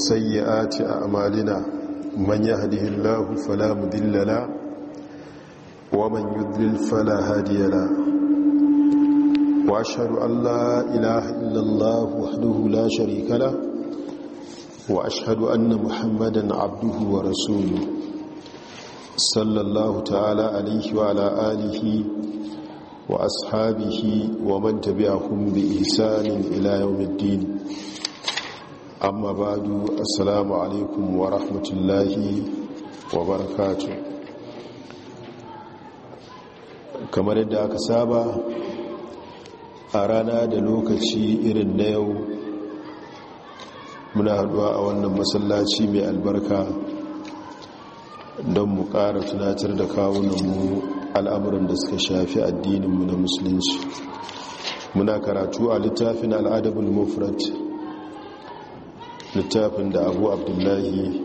سيئات أعمالنا من يهده الله فلا مذل له ومن يذلل فلا هادي له وأشهد أن لا إله إلا الله وحده لا شريك له وأشهد أن محمدا عبده ورسوله صلى الله تعالى عليه وعلى آله وأصحابه ومن تبعهم بإحسان إلى يوم الدين amma du assalamu alaikum wa rahmatullahi wa barakatu kamar yadda aka saba a rana da lokaci irin na yau muna haɗuwa a wannan masallaci mai albarka don mu ƙara tunatar da kawunanmu al'amuran da suka shafi addininmu na musulunci muna karatu a littafin al'adabul mufrat littafin da abu abdullahi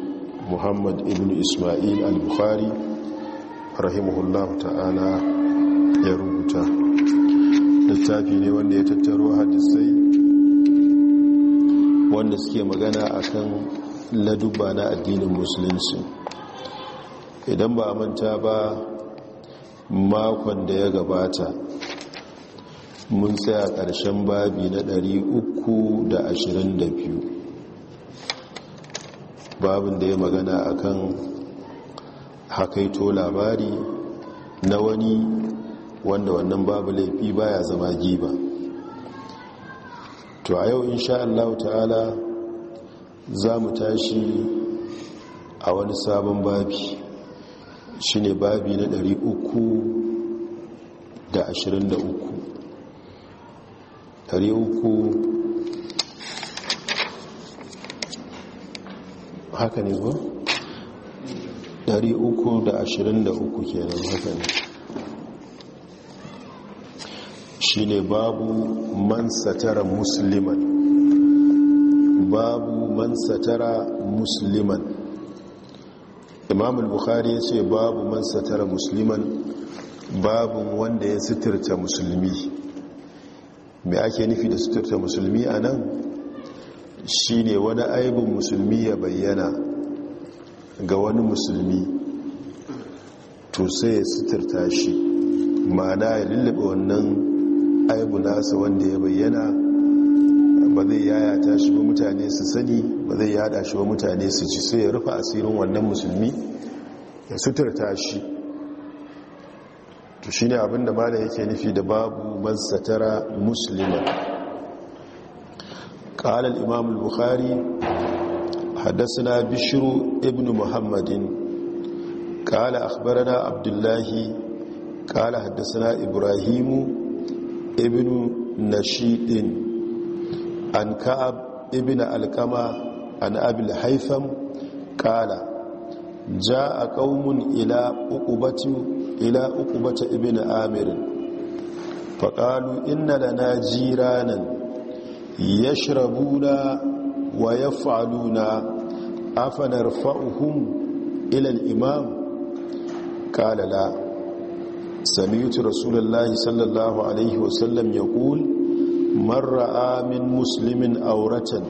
muhammad ibn ismail al-bukhari rahimahullahu ta'ala ya rubuta littafi ne wanda ya tattaro hadisai wanda suke magana a kan laduba na addinin musulunci idan ba a manta ba makon da ya gabata mun tsaya ƙarshen babi na 322 babin da ya magana a kan hakaito labari na wani wanda wannan babu laifi baya zama giba to a yau insha Allah ta'ala za mu tashi a wani sabon babi shine babi na 323 uku. haka ne ko? 323 kenan haka ne shi ne babu man satara Musulman, babu man satara Musulman. imam al-bukhari ya ce babu man satara Musulman, babu wanda ya suturta musulmi mai ake nufi da suturta musulmi a nan shi ne wani aibin musulmi ya bayyana ga wani musulmi to sai ya suturta shi ma'ana ya lullaba wannan aibu nasa wanda ya bayyana ba zai yayata shi ba mutane su sani ba zai yada shi ba mutane su ci sai ya rufe asirin wannan musulmi ya suturta shi to shi ne abinda malam yake nufi da babu man satara musulman قال الإمام البخاري حدثنا بشر ابن محمد قال أخبرنا عبد الله قال حدثنا إبراهيم ابن نشيط عن كعب ابن الكما عن أبي الحيثم قال جاء قوم إلى أقبة إلى أقبة ابن آمر فقالوا إن لنا جيرانا yashrabuna wa yaf'aluna afanarfa'uhum ila ilal imam qala la sami'tu rasulullahi sallallahu alaihi wasallam ya man ra'a amin musulmin auratan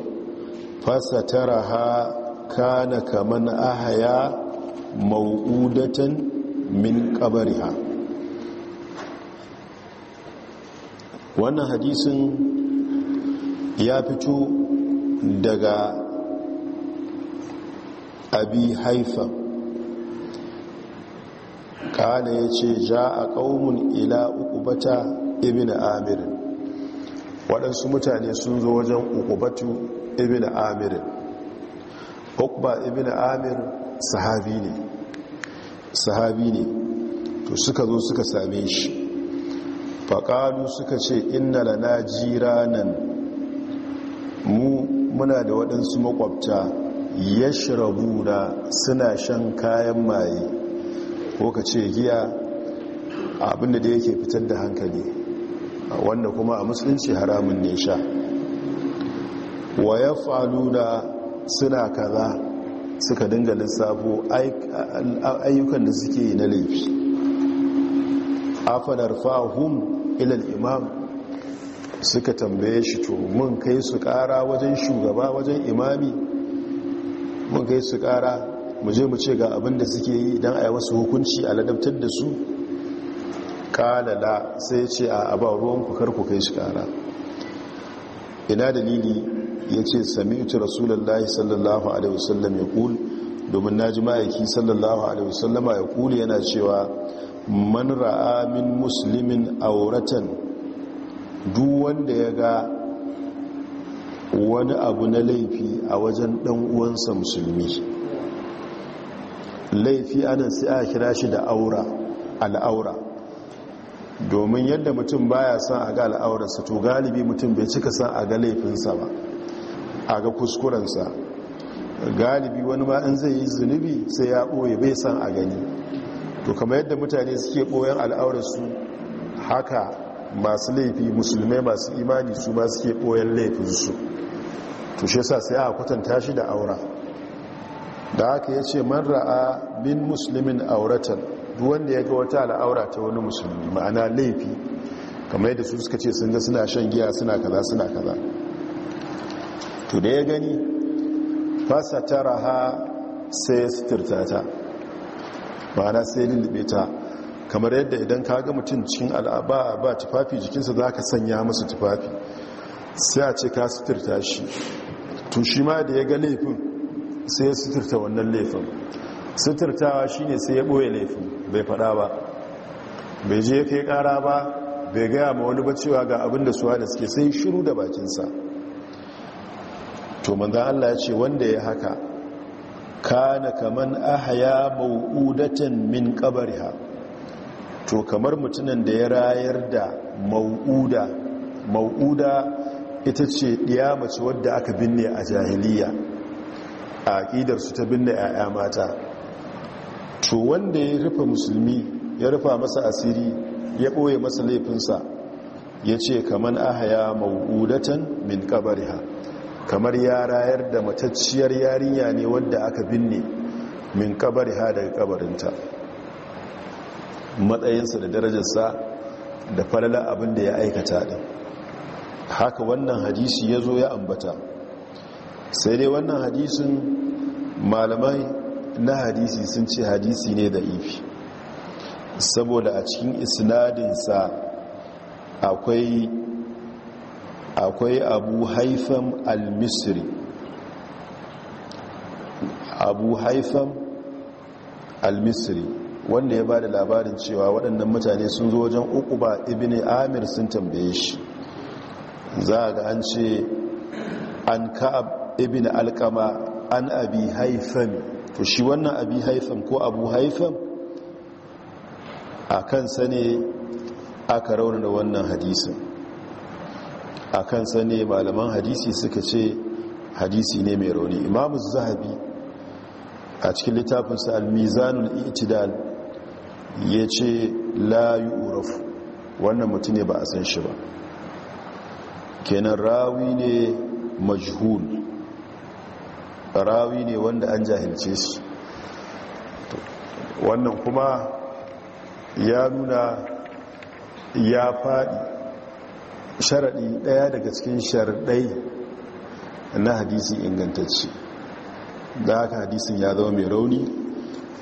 fasataraha kana kaman ahya maudatan min qabriha wannan hadisin ya fito daga abi haifa kada ya ce ja a ƙaunin ila ukubata ibn amirin waɗansu mutane sun zo wajen ukubatu ibn amirin ukba ibn amir sahabi ne sahabi ne to suka zo suka same shi faƙalu suka ce na lana jiranan mu muna da waɗansu makwabta ya shirabu na suna shan kayan maye ko ka ce giya abinda da yake fitar da hankali wanda kuma a musulunci haramun ne sha wa ya falu na suna kaza suka dinga lissafo ayyukan da suke yi na laifi afanar fahim ilal imam suka tambaye shi to mun kai su kara wajen shugaba wajen imami mun kai su kara mu je mu ce ga abin da suke yi don a yi wasu hukunci a ladabtar da su kalala sai ce a aba ruwanku karku kai shi kara ina dalili ya ce sami'utu rasulallah sallallahu alaihi wasallam ya domin na ji ma'aiki sallallahu alaihi wasallama ya yana cewa man ra'a min muslimin auratan duk wanda ya ga wani abu na laifi a wajen dan uwansa musulmi laifi ana sai a kira shi da aura al'aura domin yadda mutum baya son a ga al'aurarsa to galibi mutum bai cika son a ga laifinsa ba a ga kuskurensa galibi wani ma in zai yi zunubi sai ya ɓoye bai son a gani to kamar yadda mutane suke ɓoyen al'aurarsu haka masu laifi musulmai masu imani su ma ke ɓoyan laifinsu to yasa sa sai a kwatanta shi da aura da haka ya ce man ra'a min musulmin auratan wanda ya ga wata al'aura ta wani musulmi ma'ana laifi kamar yadda su suka ce sun ga suna shan giya suna kaza suna kaza to da ya gani fasa tara ha sai ya sitirta ta ma'ana sai lullube ta kamar yadda idan ka ga mutum cikin al'aba ba tufafi jikinsa za ka sanya masa tufafi sai a ce ka suturta shi to shi ma da ya ga laifin sai ya suturta wannan laifin suturtawa shi ne sai ya ɓoye laifin bai faɗa ba bai je ya kai ƙara ba bai gaya ma wani ba cewa ga abin da suwa da suke sai shiru da bakinsa to manzan allah ya ce wanda ya haka kana kaman ahaya mau'udatan min kabariha to kamar mutunan da ya rayar da ma'uda mau'uda ita ce ɗiya mace wadda aka binne a jahiliya a su ta binne 'ya'ya mata to wanda ya rufe musulmi ya rufa masa asiri ya ɓoye masa laifinsa ya ce kamar ahaya mau'udatan min ƙabariha kamar ya rayar da matacciyar yarinya ne wadda aka binne min ƙabariha daga ƙabarinta matsayinsa da darajarsa da falala abinda ya aikata da haka wannan hadisi ya zo ya ambata sai dai wannan hadisin malamai na hadisi sun ce hadisi ne da ifi saboda a cikin isnadinsa akwai akwai abu haifam al-misri abu haifam al-misri wanda ya ba da labarin cewa waɗannan mutane sun zo wajen uku ba ibini amir sun tambaye shi za ga an ce an ka'ab ibini alkama an abi haifan? to shi wannan abi haifan ko abu haifan? a kansa ne aka da wannan hadisin a kansa ne malaman hadisi suka ce hadisi ne mai rauni imamu zahabi a cikin littafinsa al-mizanul itidal ya ce layu urafu wannan mutum ne ba a san shi ba kenan rawi ne majhul rawi ne wanda an jahilce shi wannan kuma ya nuna ya faɗi sharaɗi ɗaya daga cikin sharaɗai na hadisi ingantacce da haka hadisin ya zama mai rauni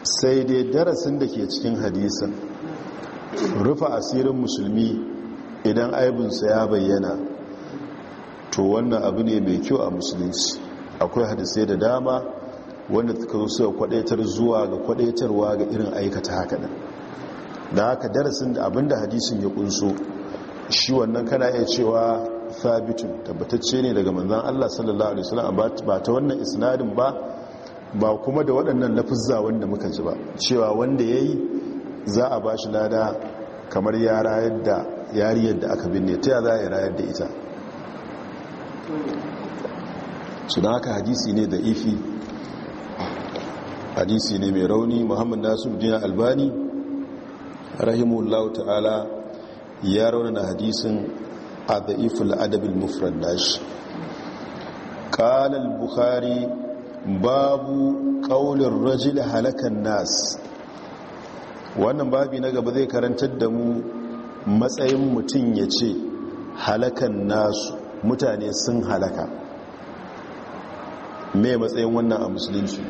sai dai darasin da ke cikin hadisin rufe asirin musulmi idan aibinsa ya bayyana to wannan abu ne mai kyau a musulunci akwai hadisai da dama wanda suka zo suka kwadaitar zuwa ga kwadaitarwa ga irin aikata haka nan da haka darasin da abinda hadisin ya kunso shi wannan kana iya cewa thabitun tabbatacce ne daga manzan Allah sallallahu alaihi wasallam ba ta wannan isnadin ba ba kuma da waɗannan lafizza wanda muka ji ba cewa wanda ya yi za a ba shi lada kamar ya rayar da yariyar da aka binne ta za a rayar da ita su da haka hadisi ne da ifi hadisi ne mai rauni muhammad nasu jina albani rahimullahu ta'ala ya raunana hadisin a da ifi al'adabin mufrad ƙalal babu ƙaunin rajil halakan nas wannan babi na gaba zai karantar da mu matsayin mutum ya ce halakan nasu mutane sun halaka mai matsayin wannan a musulunci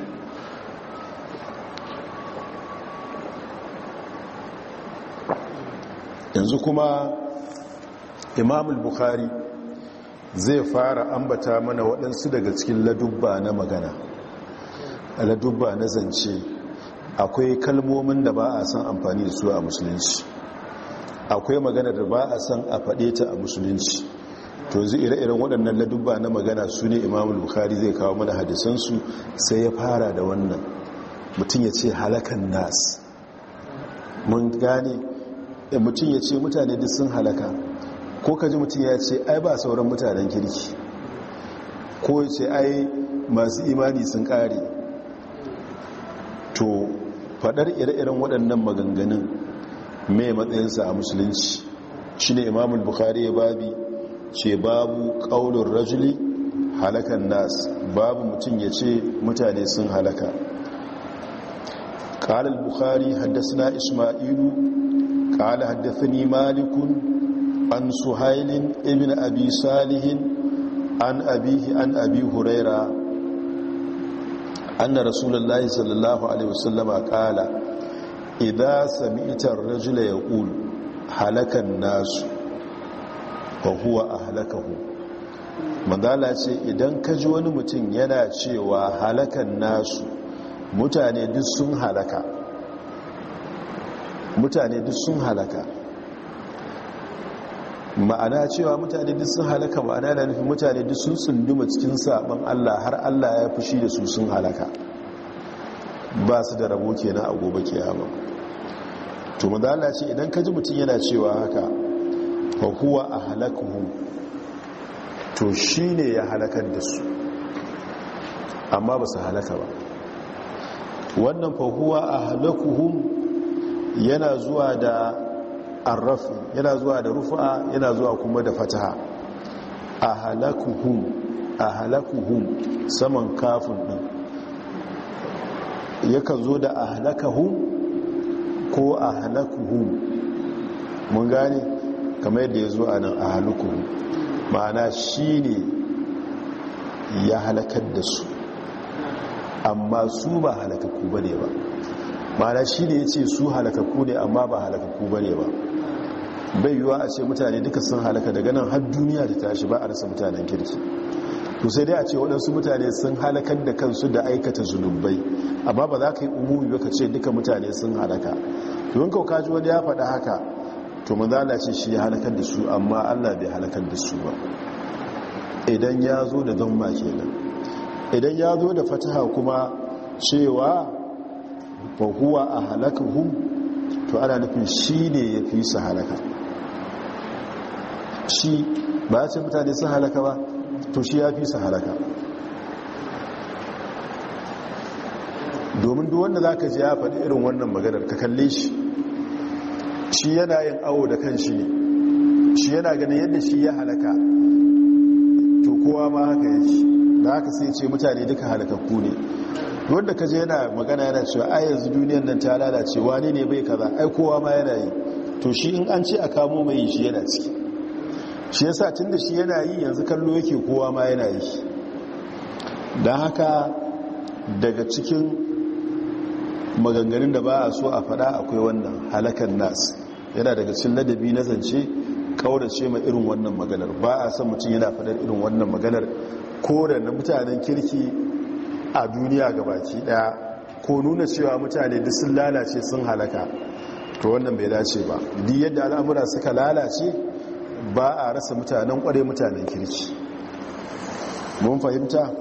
yanzu kuma imamul bukhari zai fara ambata mana waɗansu daga cikin ladubba na magana ladubba na zance akwai kalmomin da ba a san amfani da su a musulunci akwai magana da ba a san a faɗe ta a musulunci to zai ire-iren waɗannan ladubba na magana su ne imamul bukhari zai kawo mana hadisansu sai ya fara da wannan mutum ya ce halakan nas mun gane eh, mutum ya ce mutane duk sun halaka ko ka ji mutum ya ce ai ba sauran mutanen kirki ko ya ce ai masu imani sun kare to fadar ire-iren waɗannan maganganun mai matsayinsa a musulunci shi ne imamul bukhari ya babi ce babu ƙaunar rajuli halakan nas babu mutum ya ce mutane sun halaka قال البخاري حدثنا إسماعيل قال حدثني مالك an suhailin ibn abi salihin an abihi an abi huraira anna rasulullahi sallallahu alaihi wasallama kala idza sami'ta ar-rajula yaqul halaka an-nas wa huwa ahlakahu madala ce idan kaji wani mutum yana cewa halakan nasu mutane duk sun halaka mutane duk sun halaka ma'ana cewa mutane duk sun halaka ma'ana da nufin mutane duk sun duma cikin saban Allah har Allah ya fushi da su sun halaka ba su da rabo kenan a gobe kiyama to maza ce idan ka ji mutum yana cewa haka fa huwa ahlakuhu to shi ne ya halakar da su amma ba su halaka ba wannan fa huwa ahlakuhum yana zuwa da arrafi yana zuwa da rufa yana zuwa kuma da fataha a halakuhum a saman kafin ɗin yakan zo da a halakahum ko a halakuhum mun gane kamar yadda ya zo a nan a halakuhum ma'ana shi ne ya halakar da su amma su ba halakakku ba ne ba ma'ana shi ne ya ce su halakakku ne amma ba halakakku ba ne ba bai yiwuwa a ce mutane duka sun halaka daga nan har duniya da tashi ba a rasa mutanen kirki to sai dai a ce waɗansu mutane sun halakar da kansu da aikata zunubai amma ba za ka yi umumi ba ka ce duka mutane sun halaka domin kau kaji wani ya faɗa haka to manzala ce shi ya halakar da su amma allah bai halakar da su ba idan ya zo da zamma kenan idan ya zo da fataha kuma cewa ba huwa a halakahum to ana nufin shi ne ya fi su halaka shi ba ce mutane sun halaka ba to shi ya fi su halaka domin duk wanda za ka ji ya faɗi irin wannan maganar ka kalle shi shi yana yin awo da kan shi ne shi yana ganin yadda shi ya halaka to kowa ma haka ya shi, da haka sai ce mutane duka halakakku ne wanda ka je yana magana yana cewa a yanzu duniyan nan ta lalace wani ne bai kaza ai kowa ma yana yi to shi in an ce a kamo mai yi shi yana ciki shi yasa tun da shi yana yi yanzu kallo yake kowa ma yana yi da haka daga cikin maganganun da ba a so a fada akwai wannan halakan nas yana daga cikin ladabi na zance kaurace ma irin wannan maganar ba a son mutum yana fadar irin wannan maganar ko da na mutanen kirki a duniya gabaki daya ko nuna cewa mutane duk sun lalace sun halaka to wannan bai dace ba duk yadda al'amura suka lalace ba a rasa mutanen kware mutanen kirki mun fahimta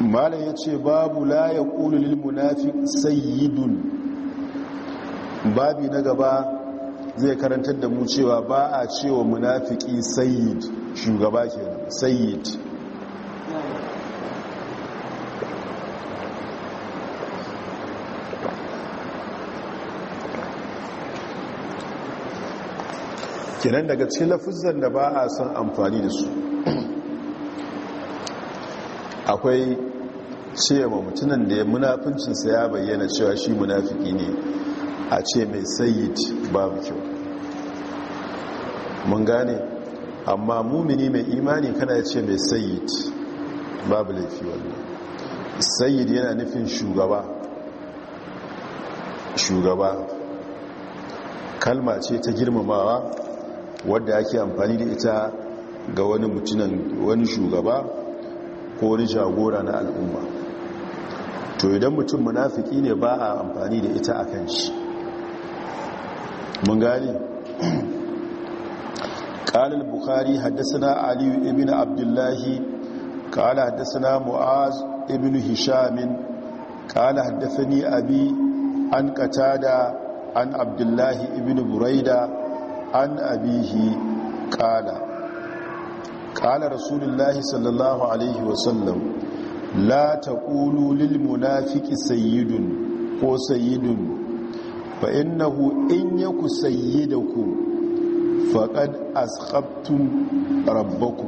malam ya ce babu la ya ƙulu lil sayyidun babi na gaba zai karantar da mu cewa ba a cewa munafiki sayyid shugaba kenan sayyid kenan daga cikin lafuzan da ba a son amfani da su akwai cewa mutunan da ya munafincinsa ya bayyana cewa shi munafiki ne a ce mai sayid babu kyau mun gane amma mumini mai imani kana ce mai sayid babu laifi wanda sayid yana nufin shugaba shugaba kalma ce ta girmamawa wadda ake amfani da ita ga wani mutunan wani shugaba ko wani jagora na al'umma to idan mutum munafiki ne ba a amfani da ita a kan shi mun gani ƙalil bukari haddasa aliyu ibn abdullahi ƙala haddasa na mu'az ibn hishamin ƙala haddasa abi an katada an abdullahi ibn buraida an abihi kala kala rasulullahi sallallahu alaihi wasallam la taqulu lil munafiqi sayyidun ko sayyidun fa innahu in ku yaku ku faƙad ashabtun rabbaku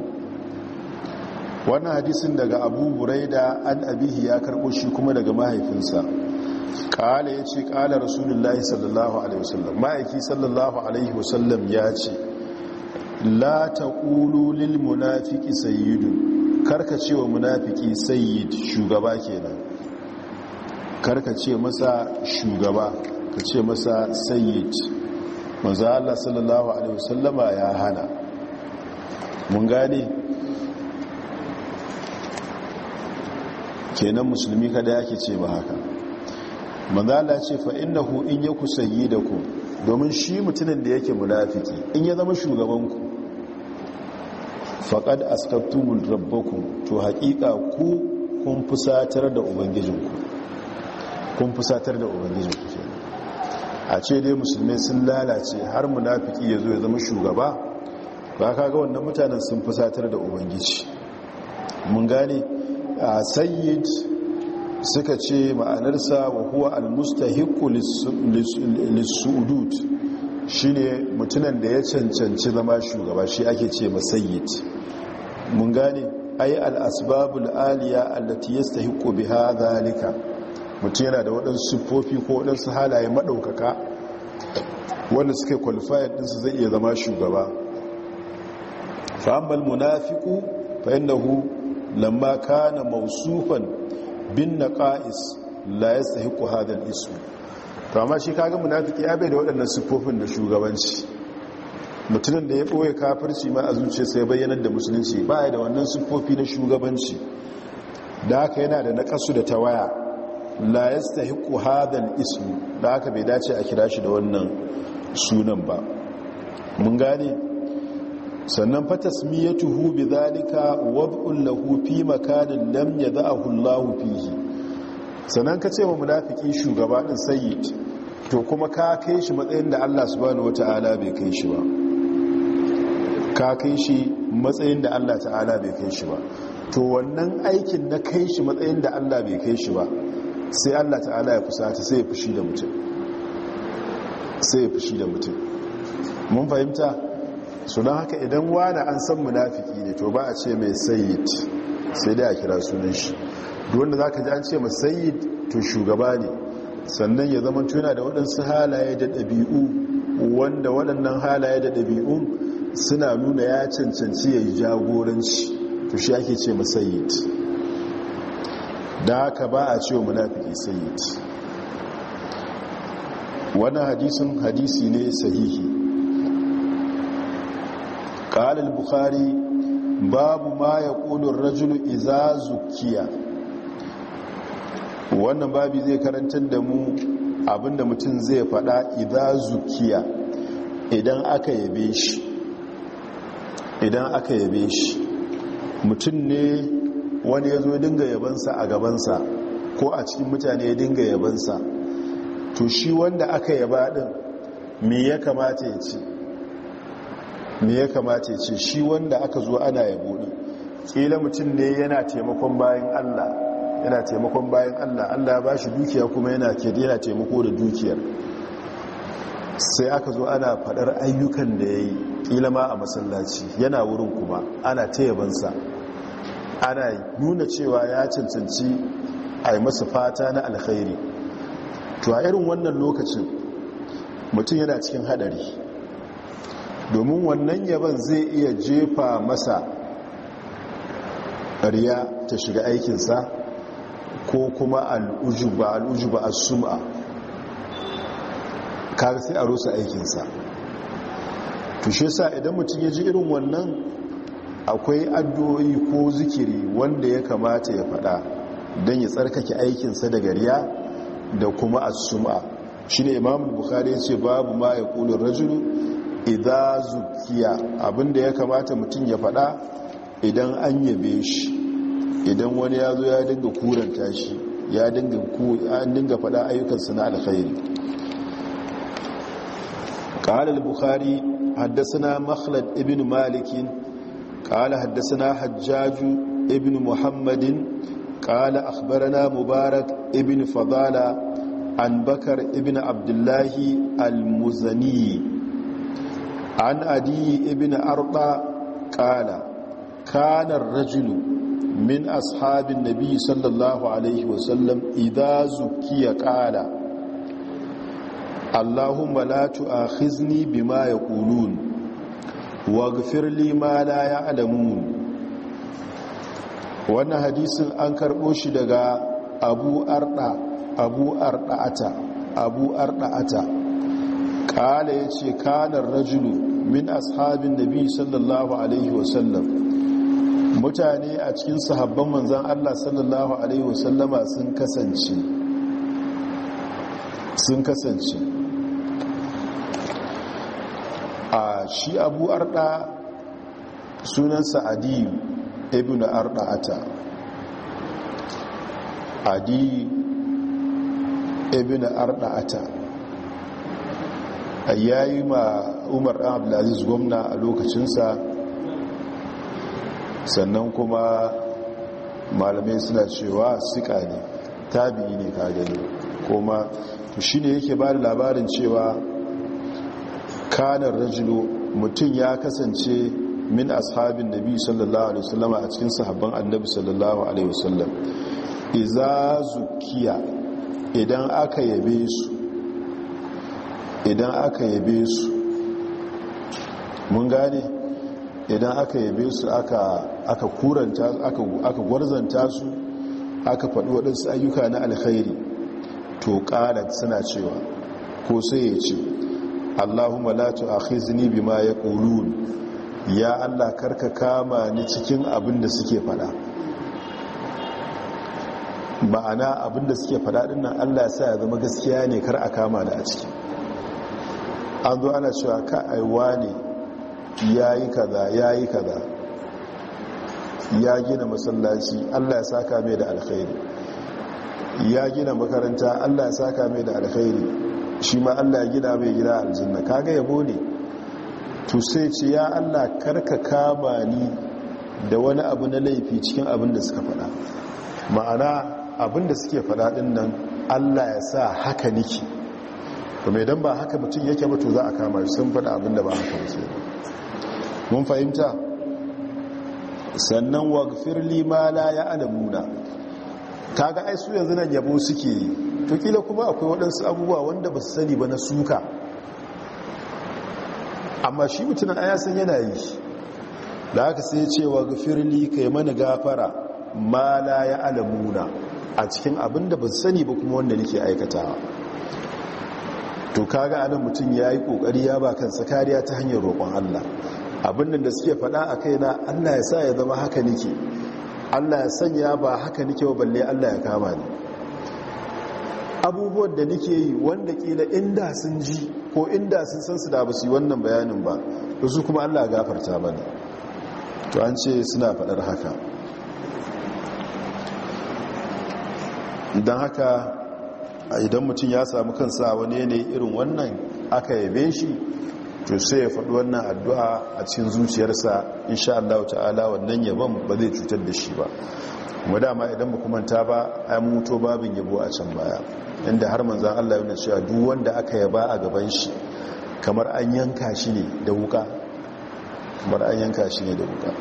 wannan hadisin daga abubu raida an abihi ya karɓo shi kuma daga mahaifinsa kala ya ce kala rasulullahi sallallahu alaihi wasallam ma'aiki sallallahu alaihi wasallam ya ce la ta ƙulu lil munafiki sayyidu karka ce wa munafiki sayyid shugaba kenan karka ce masa shugaba ka ce masa sayyid maza Allah sallallahu alaihi wasallama ya hana mun gane kenan musulmi kada yake ce ba haka manzala ce fa innahu in ya kusayi da ku domin shi mutunan da yake munafiki in ya zama shugabanku faƙad askattumul rabbakum to haƙiƙa ku kun fusatar da ubangijinku kun fusatar da ubangijinku ke a ce dai musulmi sun lalace har munafiki ya zo ya zama shugaba ba ka ga wannan mutanen sun fusatar da ubangiji mun gane a sayyid suka ce ma'anarsa wa huwa almustahiqu lis shi shine mutunan da ya cancanci zama shugaba shi ake ce masayyid mun gane ay al-asbabul aliya allati yastahiqu biha zalika mutum yana da waɗansu siffofi ko waɗansu halaye maɗaukaka wanda suke qualified su zai iya zama shugaba fa ammal munafiqu fa innahu lamma kana mawsufan bin ƙais la yastahiqu hadha al-ism to amma shi kaga munafiki ya bai da waɗannan siffofin da shugabanci mutumin da ya ɓoye kafarci ma a zuciyarsa ya bayyanar da musulunci ba a da wannan siffofi na shugabanci da haka yana da naƙasu da ta waya la yastahiqu ku al isu da aka bai dace a kira shi da wannan sunan ba mun gane sannan fa tasmiyatuhu bidhalika wad'un lahu fi makanin lam yad'ahu Allahu fihi sannan kace wa munafiki shugaba din sayyid to kuma ka kai shi matsayin da Allah subhanahu wataala bai kai shi ba ka kai shi matsayin da Allah ta'ala bai kai shi ba to wannan aikin na kai shi matsayin da Allah bai kai shi ba sai Allah ta'ala ya fusata sai ya fushi da mutum sai ya fushi da mutum mun fahimta su don haka idan wani an san munafiki ne to ba a ce mai sayid sai dai a kira sunan shi duwanda za ka ji an ce mai sayid to shugaba ne sannan ya zama tuna da waɗansu halaye da ɗabi'u wanda waɗannan halaye da ɗabi'u suna nuna ya cancanci ya yi jagoranci to shi ake ce mai sayid da haka ba a ce wa munafiki sayid wannan hadisin hadisi ne sahihi قال البخاري باب ما يقول الرجل إذا زكيا wannan babi zai karantar da mu abinda mutum zai fada idan zukiya idan aka yabe shi idan aka yabe shi mutum ne wani ya zo dinga yabansa a gabansa ko a cikin mutane ya dinga yabansa to shi wanda aka yaba din me ya kamata ya ce me ya kamata ya ce shi wanda aka zo ana ya buɗe? kila mutum ne yana taimakon bayan Allah yana taimakon bayan Allah Allah ba bashi dukiya kuma yana ke yana taimako da dukiyar sai aka zo ana faɗar ayyukan da yayi kila ma a masallaci yana wurin kuma ana tayabansa ana nuna cewa ya cancanci a yi masa fata na alkhairi to a irin wannan lokacin mutum yana cikin haɗari. domin wannan yaban zai iya jefa masa riya ta shiga aikinsa ko kuma al'ujuba al'ujuba as-sum'a kar sai a rusa aikinsa tushe shi idan mutum ya ji irin wannan akwai addu'o'i ko zikiri wanda ya kamata ya faɗa don ya tsarkake aikinsa da garya da kuma as-sum'a shine imam bukhari ya ce babu ma ya kulun rajulu ida zukiya abinda ya kamata mutum ya fada idan an yabe shi idan wani ya zo ya dinga kuranta shi ya dinga kuwa idan an dinga fada ayyukan su na alkhairi. Ƙarar Buhari ƙarar dasa na Mahlad abin malakin ƙarar dasa na Hajjaju abin Muhammadin ƙarar asabar Mubarak abin faɗala abin Bakar abin Abdullahi al muzani. an adi ibin arda ƙala, kana ar-rajulu min ashabin nabi sallallahu alaihi wasallam idza ya qala allahumma la tu'akhizni bima yaqulun waghfir li ma ya ya'lamun wannan hadisin an karbo shi daga abu arda abu arda'ata abu kala ya ce kanar rajulu min ashabin nabi sallallahu alaihi wasallam mutane a cikin sahabban manzan allah sallallahu alaihi wasallama sun kasance sun kasance a shi abu arda sunansa adiyu ibn arda ata adiyu ibn arda ata yayi ma umar ɗan abdulaziz gwamna a lokacinsa sannan kuma malamai suna cewa sika ne tabi'i ne ka gani kuma shi ne yake ba da labarin cewa kanar rajilo mutum ya kasance min ashabin nabi sallallahu alaihi wasallam a cikin sahabban annabi sallallahu alaihi wasallam idan aka yabe su idan aka yabe su mun gane idan aka yabe su aka kuranta aka gwarzanta su aka faɗi waɗansu ayyuka na alkhairi to ƙara suna cewa ko sai ya ce allahumma a khizini bi ma ya Ya Allah karka kama ni cikin abin da suke fada ma'ana abin da suke fada dinnan Allah sa ya zama gaskiya ne kar a kama da a ciki an zo ana cewa ka aiwa ne ya yi kaza ya yi kaza ya gina masallaci allah ya saka mai da alkhairi ya gina makaranta allah ya saka mai da alkhairi shi ma allah ya gina mai gina aljinna kaga yabo ne to sai ce ya allah karka kama ni da wani abu na laifi cikin abin da suka faɗa ma'ana abin da suke faɗa din nan allah ya sa haka niki to mai dan ba haka mutum yake mutu za a kama shi sun faɗa abinda ba haka mutu mun fahimta sannan waghfir li ma la ya'lamuna kaga ai su yanzu nan yabo suke yi to kila kuma akwai waɗansu abubuwa wanda ba su sani ba na suka amma shi mutumin ya san yana yi da haka sai ce waghfir li kai mana gafara ma la ya'lamuna a cikin abinda ba su sani ba kuma wanda nake aikatawa to kaga anan mutum ya yi ƙoƙari ya ba kansa kariya ta hanyar roƙon allah abin da suke faɗa a kaina allah ya sa ya zama haka nike allah ya sanya ba haka nike ba balle allah ya kama ni abubuwan da nike yi wanda kila inda sun ji ko inda sun san su da ba su yi wannan bayanin ba da su kuma allah gafarta ne. to an ce suna faɗar haka don haka idan mutum ya samu kansa wani ne irin wannan aka yabe shi to sai ya faɗi wannan addu'a a cikin zuciyarsa insha Allah ta'ala wannan yabon ba zai cutar da shi ba kuma dama idan ba kumanta ba an mutu babin yabo a can baya inda har manzan Allah yana cewa duk wanda aka yaba a gaban shi kamar an yanka shi ne da wuka kamar an yanka shi ne da wuka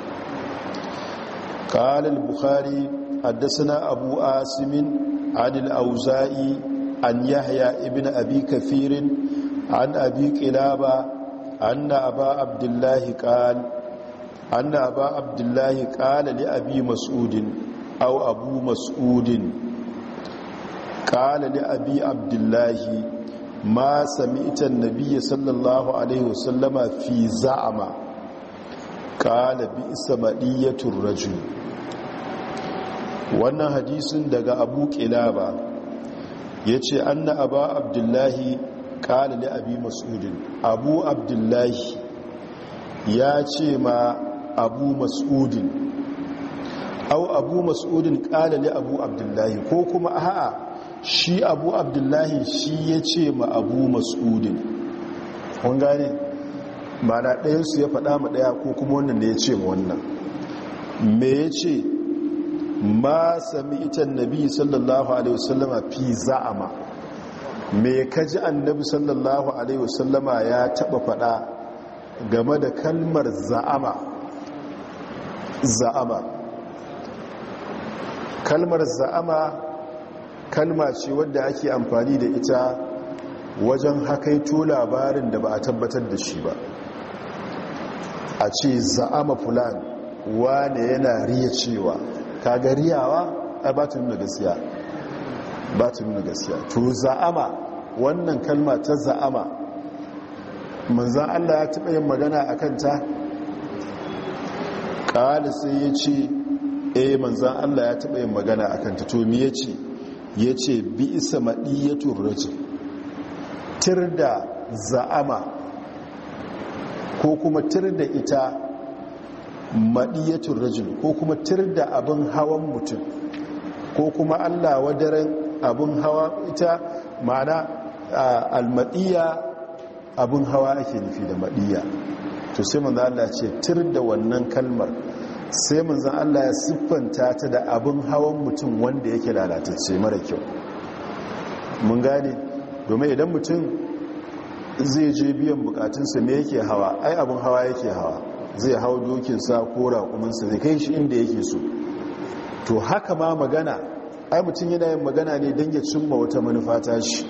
an yahya ibn abi kafirin an abi qilaba anna aba abdullahi qala anna aba abdullahi qala li abi mas'udin aw abu mas'udin qala li abi abdullahi ma sami'ta an-nabiy sallallahu alaihi sallama fi za'ama qala bi ismadiyatur rajul wannan hadisin daga abu qilaba ya ce an na Abu abdullahi kala da abi mas'udin abu abdullahi ya ce ma abu mas'udin au abu mas'udin kala da abu abdullahi ko kuma a'a shi abu abdullahi shi ya ce ma abu mas'udin kun gane ba na ɗayansu ya faɗa ma ɗaya ko kuma wannan da ya ce ma wannan me ya ce ma sami ita nabi sallallahu alaihi wasallama fi za'ama me kaji annabi sallallahu alaihi wasallama ya taba fada game da kalmar za'ama za'ama kalmar za'ama kalma ce wadda ake amfani da ita wajen hakaito labarin da ba a tabbatar da shi ba a ce za'ama fulan wane yana riya cewa ka gariyawa a batun nuna gasiya. ba nuna gasiya. to za'ama wannan kalma ta za'ama manzan Allah ya taɓa yin magana a kanta ƙawali sai ya ce e eh, manzan Allah ya taɓa yin magana a kanta to mi ya ce ya ce bi isa ya rajin tir da za'ama ko kuma tir da ita maɗiyatun rajul ko kuma tir da abin hawan mutum ko kuma allah wadaren abin hawa ita ma'ana almaɗiya abin hawa ake nufi da maɗiya to sai manzan allah ce tir da wannan kalmar sai manzan allah ya siffanta ta da abin hawan mutum wanda yake lalatacce mara kyau mun gane domin idan mutum zai je biyan bukatunsa me yake hawa ai abin hawa yake hawa zai hau sa ko raƙuminsa zai kai shi inda yake so to haka ma magana ai mutum yana yin magana ne don ya cimma wata manufata ta shi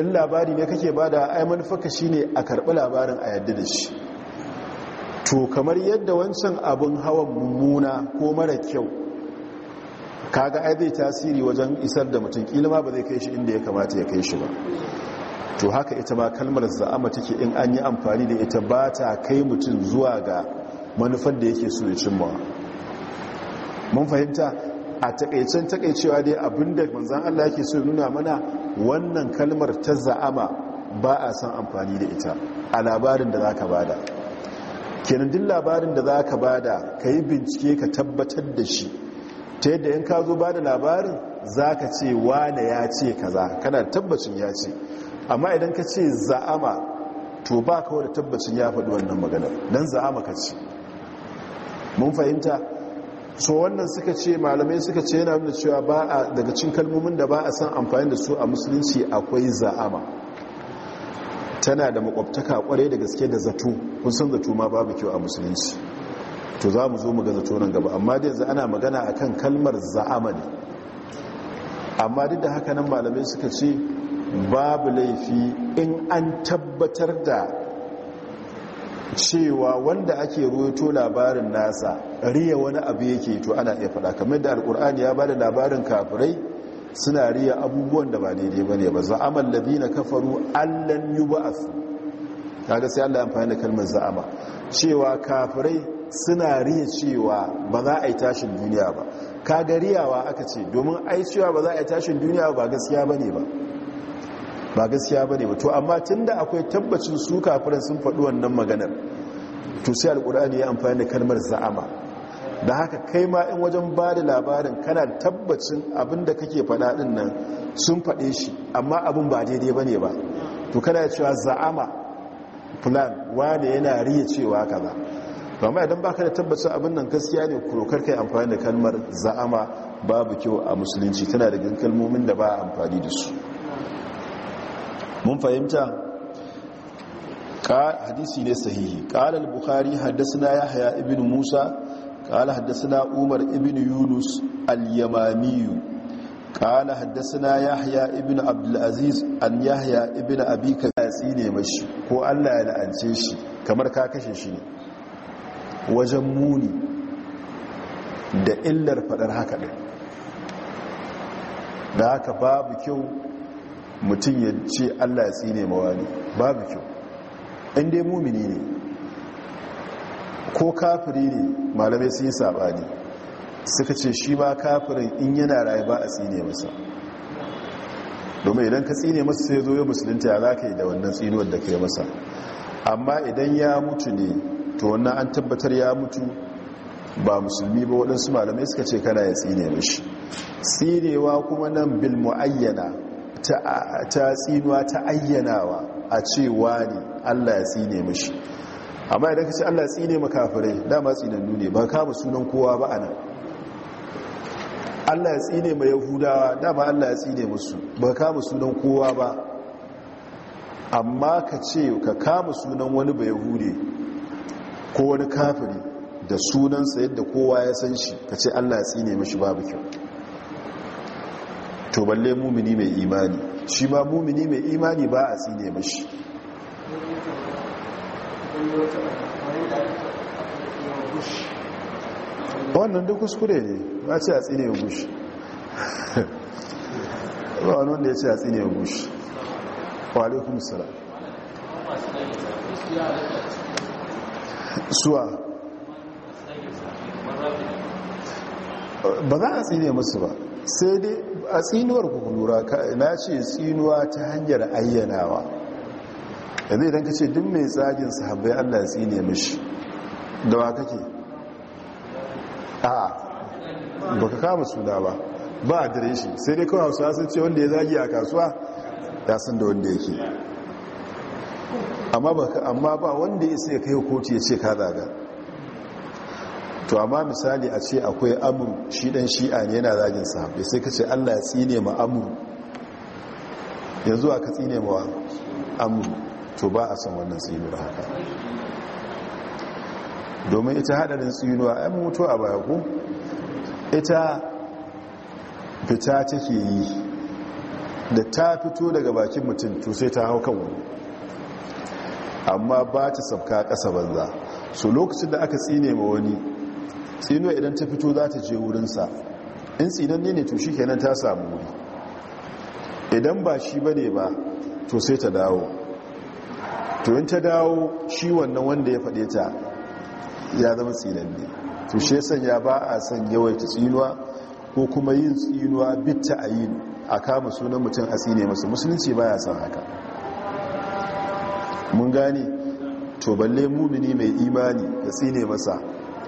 in labari ne kake bada ai manufaka shi ne a karɓi labarin a yadda da shi to kamar yadda wancan abin hawan mummuna ko mara kyau kaga ai zai tasiri wajen isar da mutum ƙilma ba zai kai shi inda ya kamata ya kai shi ba to haka ita ma kalmar za'ama take in an yi amfani da ita ba ta kai mutum zuwa ga manufar da yake so ya cimma mun fahimta a takaicen takaicewa dai abinda manzan Allah yake so nuna mana wannan kalmar ta za'ama ba a san amfani da ita a labarin da za ka bada kenan duk labarin da za zaka bada yi bincike ka tabbatar da shi ta yadda in ka zo bada labarin za ka ce wane ya ce kaza kana tabbacin ya ce amma idan ka ce za'ama to ba kawo da tabbacin ya faɗi wannan magana, don za'ama ka ce mun fahimta so wannan suka ce malamai suka ce yana nuna cewa ba a daga cin kalmomin da ba a san amfani da su a musulunci akwai za'ama tana da makwabtaka kwarai da gaske da zato kun san zato ma babu kyau a musulunci to za mu zo mu ga zato nan gaba amma dai yanzu ana magana akan kalmar za'ama ne amma duk da haka nan malamai suka ce babu laifi in an tabbatar da cewa wanda ake roto labarin nasa riya wani abu yake to ana iya faɗa kamar da alkur'ani ya bada labarin kafirai suna riya abubuwan da ba daidai ba ne ba za'aman labina kafaru allan yi ba su kaga sai allah amfani da kalmar za'ama cewa kafirai suna riya cewa ba za a yi tashin duniya ba kaga riyawa aka ce domin ai cewa ba za a yi tashin duniya ba gaskiya ba ne ba ba gaskiya ba ne ba to amma tun da akwai tabbacin su kafirin sun faɗi wannan maganar to sai alkur'ani ya amfani da kalmar za'ama da haka kai ma in wajen ba da labarin kana tabbacin abin da kake faɗa ɗin nan sun faɗe shi amma abin ba daidai ba ne ba to kana cewa za'ama plan wane yana riya cewa kaza to amma idan baka da tabbacin abin nan gaskiya ne kurokar kai amfani da kalmar za'ama babu kyau a musulunci tana da kalmomin da ba amfani da su mun fahimta hadisi ne sahihi ƙala al-bukhari ya yahya ibn musa haddasa na umar ibn yunus al-yamami qala haddathana yahya ibn abdul aziz an yahya ibn ya kasi ne mashi ko Allah ya la'ance shi kamar ka kashe shi ne wajen muni da illar faɗar haka ɗin da haka babu kyau mutum ya ce allah ya tsine mawa babu kyau inda ya mumini ne ko kafiri ne malamai sun yi saɓani suka ce shi ba kafirin in yana rayu ba a tsine masa domin idan ka tsine masa sai zo ya musulunta ya za ka yi da wannan tsinuwar da ka yi masa amma idan ya mutu ne to wannan an tabbatar ya mutu ba musulmi ba waɗansu malamai suka ce kana ya tsine mashi tsinewa kuma nan bil mu'ayyana ta tsinuwa ta ayyanawa a cewa ne allah ya tsine mashi amma idan ka ce allah ya tsine makafirai dama tsinannu ne ba kama sunan kowa ba ana allah ya tsine ma yahudawa dama allah ya tsine musu ba kama sunan kowa ba amma ka ce ka kama sunan wani ba yahude ko wani kafiri da sunansa yadda kowa ya san shi ka ce allah ya tsine mashi babu kyau to balle mumini mai imani shi ma mumini mai imani ba a tsine mashi wannan duk kuskure ne ba ce a tsine wa gushi ba wani wanda ya ce a tsine wa gushi kuma sara suwa ba za a tsine musu ba sai dai a tsinuwar ku lura na ce tsinuwa ta hanyar ayyanawa yanzu idan ka ce duk mai tsagin sahabbai allah ya tsine mishi da ba kake a ba ka kama suna ba ba a dire shi sai dai kawai hausa sun ce wanda ya zagi a kasuwa ya san da wanda yake amma ba wanda ya sai kai kotu ya ce ka zaga to amma misali a ce akwai amur shi dan shi'a ne yana zagin sahabbai sai ka ce allah ya tsine ma amur yanzu aka tsine ma amur to ba a san wannan da haka domin ita hadarin tsinuwa 'yan mutu a baya ita fita take yi da ta fito daga bakin mutum to sai ta hau kan wani amma ba ta sabka ƙasa banza so lokacin da aka tsine ma wani Tsino, idan ta fito za ta je wurinsa in tsinan ne ne to shi kenan ta samu wuri idan ba shi ba ne ba to sai ta dawo to in ta dawo shi wannan wanda ya faɗe ta ya zama tsinan ne to shi sanya ba a son yawaita tsinuwa ko kuma yin tsinuwa bitta a yi a kama sunan mutum a tsine masa musulunci ba ya son haka mun gane to balle mumini mai imani da tsine masa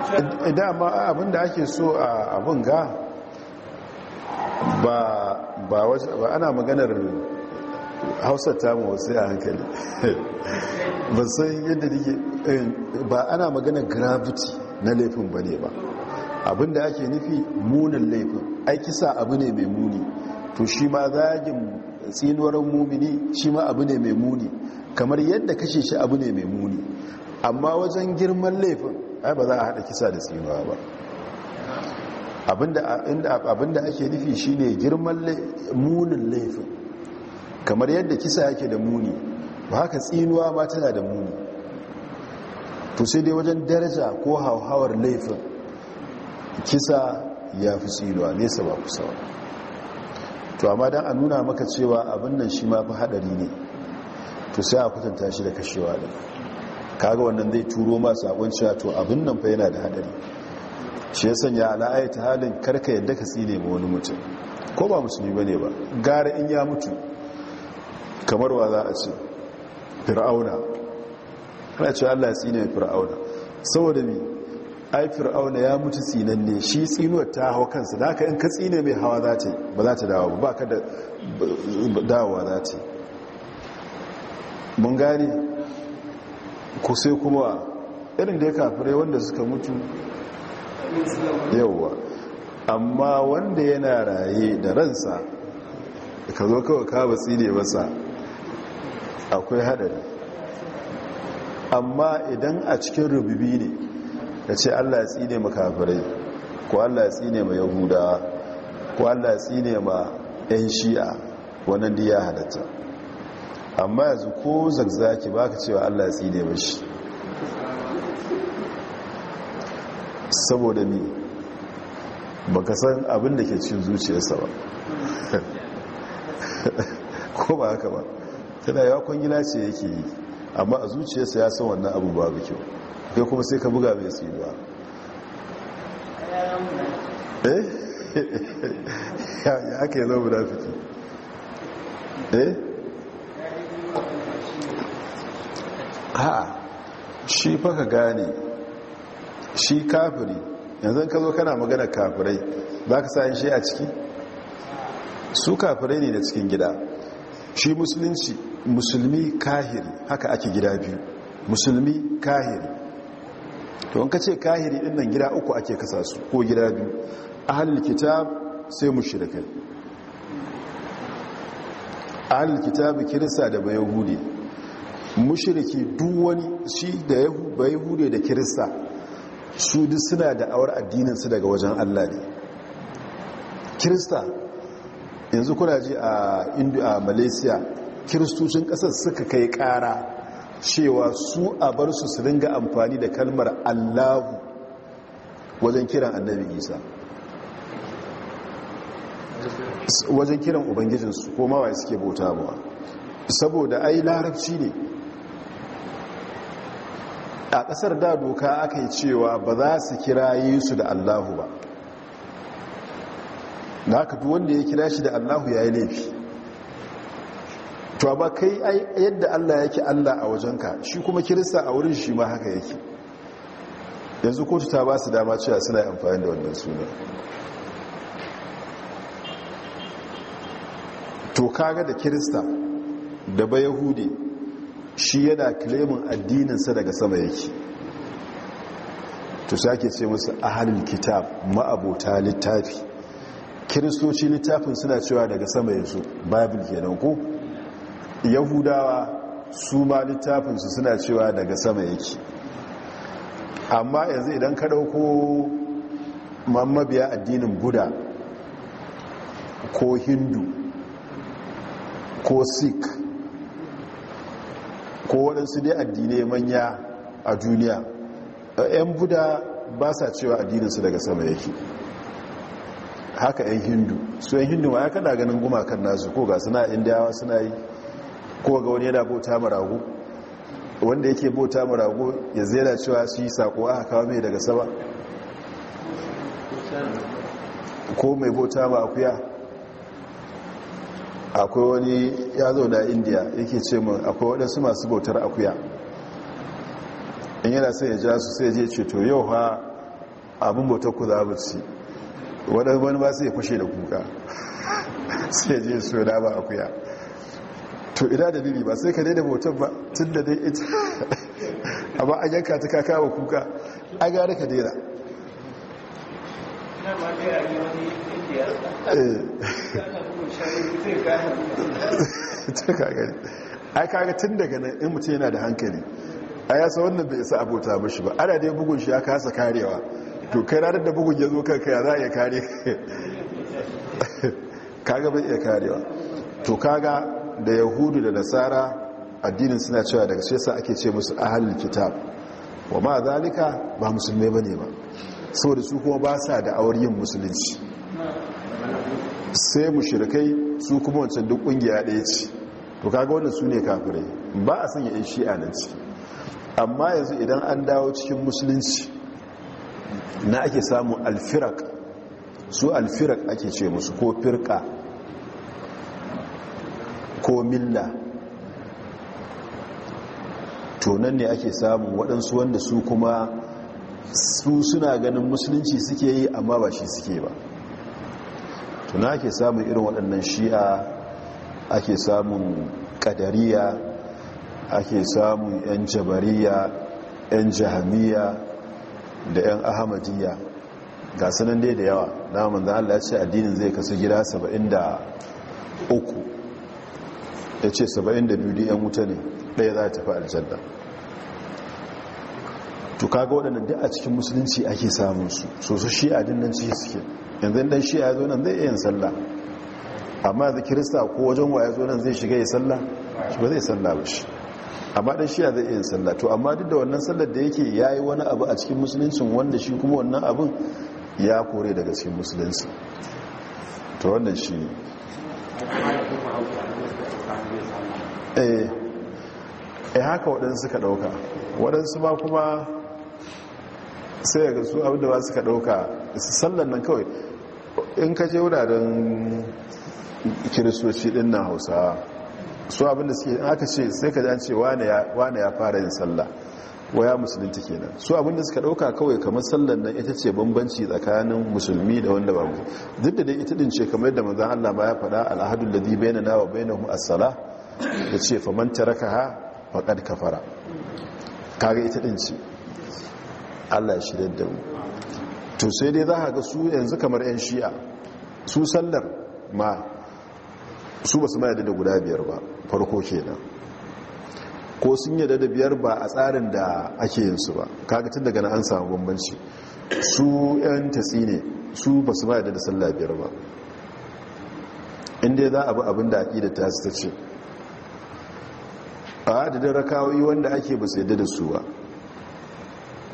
Eh, dama abinda ake so a abin ga ba ana maganar hausa tamu sai a hankali ba sai yadda nike eh, ba ana maganar gravity na laifin ba ne ba abinda ake nufi munin laifin sa abu ne mai muni to shi ma zagin tsinuwar mumini shi ma abu ne mai muni kamar yadda kashe shi abu ne mai muni amma wajen girman laifin ai ba za a haɗa kisa da tsinuwa ba abinda ake nufi shine girman munin laifin kamar yadda kisa yake da muni ba haka tsinuwa ba tana da muni to sai dai wajen daraja ko hauhawar laifin kisa ya fi tsinuwa nesa ba kusa ba to amma don a nuna maka cewa abin nan shi ma fi haɗari ne to sai a kwatanta shi da kashewa da kaga wannan zai turo ma sakon cewa to abin nan fa yana da hadari shi ya sanya ala ta halin karka yadda ka tsine ma wani mutum ko ba musulmi bane ba gara in ya mutu kamar wa za a ce fir'auna ana cewa Allah ya tsine fir'auna saboda mi ai fir'auna ya mutu tsinanne shi tsinuwar ta hawa kansa da haka in ka tsine mai hawa za ta ba za ta dawo ba ka da dawowa za ta mun gane ku sai kuma irin da ya kafirai wanda suka mutu yauwa amma wanda yana raye da ransa ka zo kawai ka ba masa akwai hadari amma idan a cikin rububi ne da ce allah ya tsine ma kafirai ko allah ya tsine ma yahudawa ko allah ya tsine ma 'yan shi'a wannan da ya halatta amma yanzu ko zagzaki ba ka cewa allah ya tsine mashi saboda ni ba ka san abin da ke cin zuciyarsa ba ko ba haka ba tana yawa kwangila ce yake yi amma a zuciyarsa ya san wannan abu babu kyau kai kuma sai ka buga mai tsinuwa eh ya ake zama fiti eh ha shi fa ka gane shi kafiri yanzu ka zo kana magana kafirai ba ka sa shi a ciki su kafirai ne na cikin gida shi musulunci musulmi kahiri haka ake gida biyu musulmi kahiri to ka ce kahiri din nan gida uku ake kasa su ko gida biyu ahlul kitab sai mushrikai ahlul kitab kirista da bayahudi Mushiriki duk wani shi da yahude da kirista su duk suna da awar addininsu daga wajen allah ne kirista yanzu kuna ji a indu a malaysia kiristocin ƙasar suka kai ƙara cewa su a bar su su dinga amfani da kalmar allahu wajen kiran annabi isa wajen kiran ubangijinsu ko mawaye suke bauta ba. saboda ai larabci ne a ƙasar da doka aka yi cewa ba za su kira su da allahu ba da haka duk wanda ya kira shi da allahu ya yi laifi to ba kai yadda allah yake allah a wajenka shi kuma kirista a wurin shi ma haka yake yanzu kotu ta ba su dama cewa suna amfani da wannan suna to kaga da kirista da bayahudi shi yana kilemin addininsa daga sama yake to sake ce musu ahalin kitab ma'abota littafi kiristoci littafin suna cewa daga sama yanzu ke kenan ko yahudawa su ma littafinsu suna cewa daga sama yake amma yanzu idan ka ɗauko mamabiya addinin buda ko hindu ko sikh ko waɗansu dai addinai manya a duniya yan buda ba sa cewa addininsu daga sama yake haka yan hindu su yan hindu ma ya kada ganin gumakan nasu ko ga suna indiyawa suna yi ko ga wani yana bauta marago wanda yake bauta marago ya zera cewa su yi saƙo, aka kawo mai daga sama ko mai bauta ma akuya akwai wani ya zo da indiya yake ce mu akwai waɗansu masu bautar akuya in yana sai ya ja su sai je ce to yau ha abin bautar ku za a ci wani ba sai ya fashe da kuka sai je su da ba akuya to ina da bibi ba sai ka daida bautar ba tun da dai ita amma an yanka ta kaka wa kuka a gane ka daina eh ai kaga tun daga nan in mutum yana da hankali a yasa wannan bai isa abota mashi ba ana dai bugun shi ya kasa karewa to kai ranar da bugun ya zo kanka ya za a iya kare kaga bai iya karewa to kaga da yahudu da nasara addinin suna cewa daga shi yasa ake ce musu ahalin kitab wa ma zalika ba musulmai bane ba saboda su kuma ba sa da awar yin musulunci sai shirkai su kuma wancan duk kungiya ɗaya ce to kaga wannan su ne kafirai ba a sanya yan shi'a nan ciki amma yanzu idan an dawo cikin musulunci na ake samun alfirak su alfirak ake ce musu ko firka ko milla to nan ne ake samun waɗansu wanda su kuma su suna ganin musulunci suke yi amma ba shi suke ba tuna ake samun irin waɗannan shi'a ake samun ƙadariya ake samun 'yan jabariya 'yan jahamiya da 'yan ahamadiyya ga sanan dai da yawa na manzan Allah ya ce addinin zai kasu gida 73 ya ce 72 'yan wuta ne ɗaya za ta fi aljanna to ga waɗannan duk a cikin musulunci ake samun su so su shi adin ciki suke yanzu dan shi ya zo nan zai yin sallah amma da kirista ko wajen wa ya zo nan zai shiga yi sallah shi ba zai sallah ba shi amma dan shi ya zai yin sallah to amma duk da wannan sallar da yake ya yi wani abu a cikin musuluncin wanda shi kuma wannan abun ya kore daga cikin musulunci to wannan shi ne eh, eh haka waɗansu ka ɗauka waɗansu ba kuma sai ga su abinda ba suka ɗauka sallan nan kawai in ka je wuraren kiristoci din na hausa su abinda suke aka ce sai ka ce wane ya fara yin sallah waya musulunci kenan su abinda suka dauka kawai kamar sallan nan ita ce bambanci tsakanin musulmi da wanda ba duk da dai ita din ce kamar yadda manzon Allah ba ya faɗa al'ahadul ladhi bainana wa bainahum as-salah fa faman tarakaha faqad kafara kaga ita din ce Allah ya shirye da mu to sai dai za ka ga su yanzu kamar yan shi'a su sallar ma su ba su ma yadda guda biyar ba farko kenan ko sun yadda da biyar ba a tsarin da ake yin ba kaga tun daga na an samu bambanci su 'yan tatsi ne su ba su ma yadda da biyar ba inda za a bi abin da aƙida ta su ta ce a adadin rakawai wanda ake ba su yadda da su ba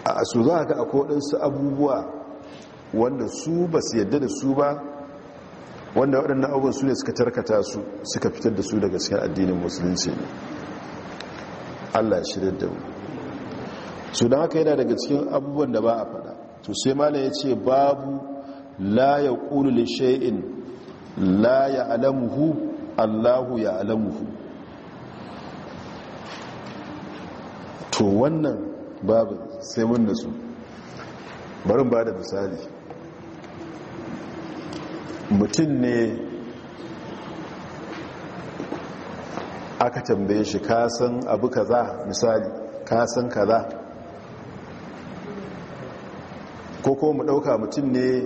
a su za a ga akwai abubuwa wanda su basu su yadda da su ba wanda waɗannan abubuwan su ne suka tarkata su suka fitar da su daga cikin addinin musulunci ne allah shirya da mu su don haka yana daga cikin abubuwan da ba a faɗa to sai malam ya ce babu la ya ƙulu li la ya alamuhu allahu ya alamuhu to wannan babu sai mun nasu barin ba da misali mutum ne aka tambaye shi kasan abu kaza misali kasan kaza ko ko mu ɗauka mutum ne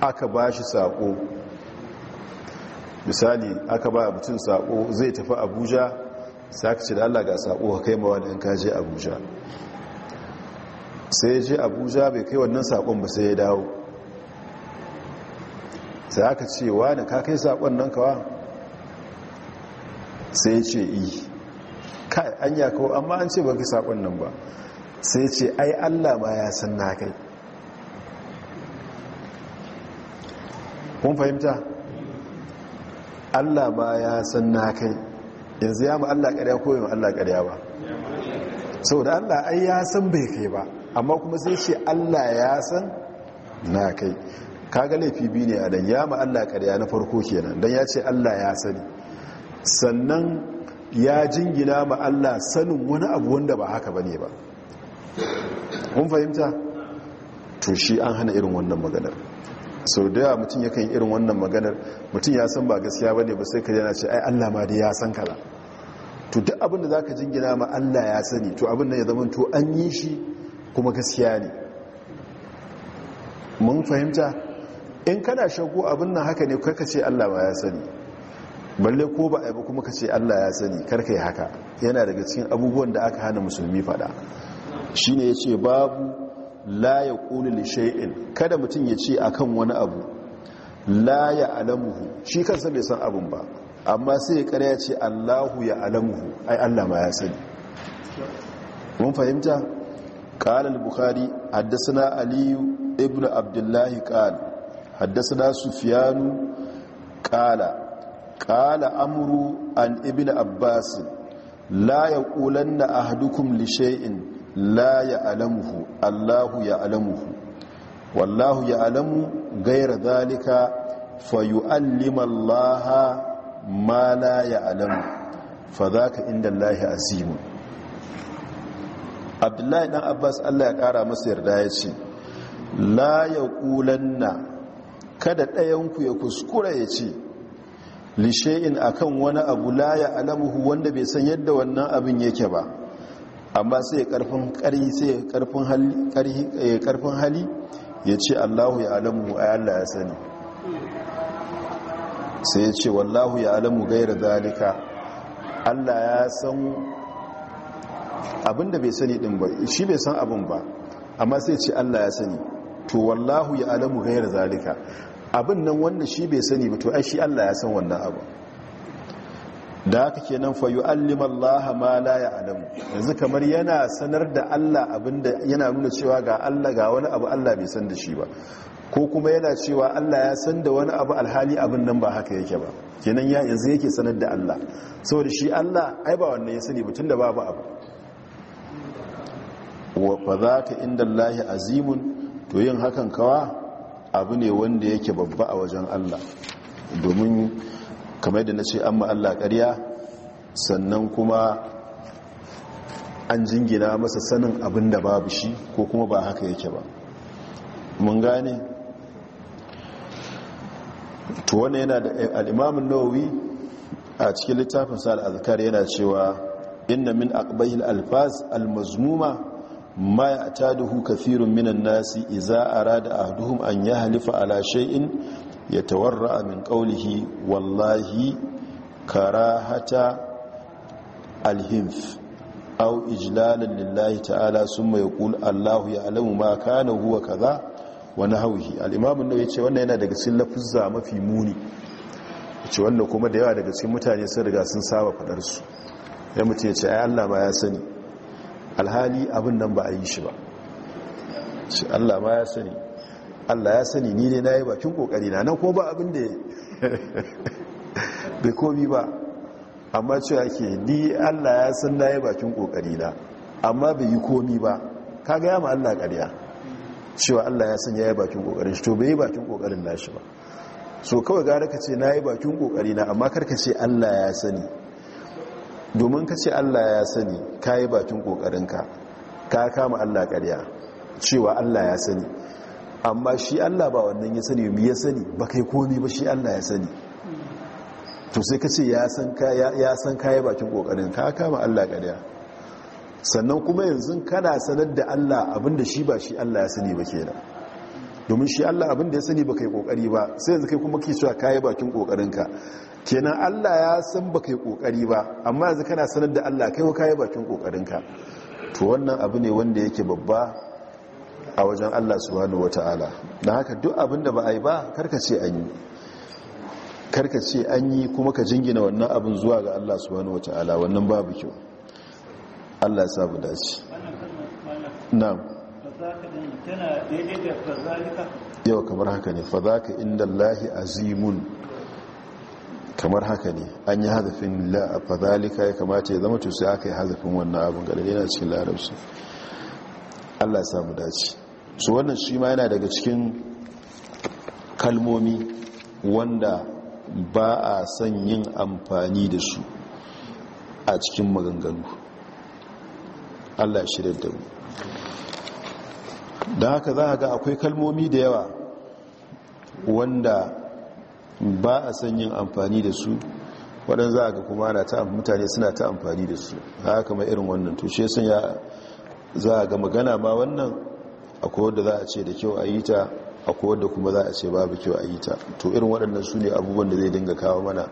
aka ba shi sako misali aka ba mutum sako zai tafi abuja sai aka ce da allah ga sako ka kai mawa da in kaje abuja sai ya je abuja bai kai wannan sakon ba sai ya dawo sai aka ce wa da ka kai saƙon nan kawa sai ce yi kai an ya kawo amma an ce baki saƙon nan ba sai ce ai allah ma ya san na kai kun fahimta allah ma ya san na kai yanzu ya ma allah ƙarya ko yin allah ƙarya ba sau da allah ai ya san bai kai ba amma kuma sai ce allah ya san na kai ga laifi biyu ne a ya ma Allah karya na farko kenan don ya ce Allah ya sani sannan ya jingina ma Allah sanin wani abu wanda ba haka bane ba kun fahimta to shi an hana irin wannan maganar sau da yawa mutum yakan yi irin wannan maganar mutum ya san ba gaskiya ba ne ba sai ka yana ce ai Allah ma dai ya san kala to duk abin da zaka jingina ma Allah ya sani to abin nan ya zama to an yi shi kuma gaskiya ne mun fahimta in kana shago abin nan haka ne karka ce Allah ba ya sani balle ko ba a ba kuma ka ce Allah ya sani karka yi haka yana daga cikin abubuwan da aka hana musulmi fada ya ce babu la yaqulu li kada mutum ya ce akan wani abu la alamuhu shi kansa bai san abin ba amma sai ya ya ce Allahu ya alamuhu ai Allah ma ya sani mun fahimta qala bukari bukhari na Aliyu, ibn Abdullahi qala haddasa Sufiyanu qala ƙala amru an ibn abbas la yaqulanna ahadukum li shay'in la ya'lamuhu allahu ya'lamuhu wallahu ya'lamu ghayra dhalika fayu'allima allaha ma la ya'lamu fadhaka inda allahi azimun abdullahi dan abbas allah ya ƙara masa yarda ya ce la yaqulanna kada ɗayanku ya kuskura ya ce lishe'in akan wani abu la ya alamuhu wanda bai san yadda wannan abin yake ba amma sai karfin ƙari sai karfin eh, hali ya ce allahu ya alamuhu a allah ya sani sai ya ce wallahu ya alamu gaira zalika allah ya san abin da bai sani din ba shi bai san abin ba amma sai ce allah ya sani to wallahu ya alamu gayar zalika abin nan wanda shi bai sani ba to ai shi Allah ya san wannan abu da haka kenan fa yu'allimu Allah ma la ya'lamu yanzu kamar yana sanar da Allah abinda yana nuna cewa ga Allah ga wani abu Allah bai san da shi ba ko kuma yana cewa Allah ya san da wani abu alhali abin nan ba haka yake ba kenan ya yanzu yake sanar da Allah saboda shi Allah ai ba wannan ya sani ba tunda babu abu wa fa zaka inda Allah azimun to yin hakan kawa abu ne wanda yake babba a wajen Allah domin kamar da na ce an Allah karya sannan kuma an jingina masa sanin abin da babu shi ko kuma ba haka yake ba mun gane to wannan yana da al'imamin nawawi a cikin littafin sa al'azkar yana cewa inna min aqbahil alfaz almazmuma ma ya ta duhu kathirun minan nasi iza arada ahduhun an ya halifa ala shay'in ya tawarra min kaulihi wallahi kara hata alhimf. Au ijlalan lillahi ta'ala summa kul Allahu ya alamu ma na huwa kaza za wani hauhi al'imamun an ya yace wannan yana daga cikin lafuzza mafi muni Ya ce wannan kuma da yawa daga cikin mutane sun riga sun saba Ya mutu ya ce, ai Allah ma ya sani alhali abin nan ba a yi shi ba shi Allah ma ya sani Allah ya sani ni ne na yi bakin kokari na nan ko ba abin da bai komi ba amma cewa ke ni Allah ya san na yi bakin kokari na amma bai yi komi ba ka gaya ma Allah ƙarya cewa Allah ya san ya yi bakin kokarin shi to bai yi bakin kokarin nashi ba so kawai gara ka ce na yi bakin kokari na amma karka ce Allah ya sani domin ka ce allah ya sani ka yi bakin kokarin ka kama allah ƙarya cewa allah ya sani amma shi allah ba wannan ya sani ya sani ba kai komi ba shi allah ya sani to sai ka ce ya san ka yi bakin kokarin ka kama allah ƙarya sannan kuma yanzu kana sanar da allah abinda shi ba shi allah ya sani ba kenan domin shi Allah abinda ya sani ba kai kokari ba sai yanzu kai kuma ke cewa kayi bakin kokarinka kenan allah ya san baka yi kokari ba amma yanzu kana sanar da allah kai ka yi bakin kokarinka to wannan abu ne wanda yake babba a wajen allah subhanahu ta'ala Da haka duk abin da ba a yi ba karkace an yi karkace an yi kuma ka jingina wannan abin zuwa ga allah subhanahu ta'ala wannan babu kyau allah ya bu dace yau kamar haka ne fa za ka inda lahi azimun kamar haka ne an yi hazafin zalika ya kamata ya zama sai aka yi hazafin wannan abin gadade yana cikin larabci allah samu dace su wannan shi ma yana daga cikin kalmomi wanda ba a san yin amfani da su a cikin maganganu allah shirya da mu don haka za a ga akwai kalmomi da yawa wanda ba a san yin amfani da su waɗanda za a ga kuma ta mutane suna ta amfani da su haka mai irin wannan tushe sun ya za a ga magana ma wannan a wadda za a ce da kyau a yi ta a wadda kuma za a ce babu kyau a yi ta to irin waɗannan su ne abubuwan da zai dinga kawo mana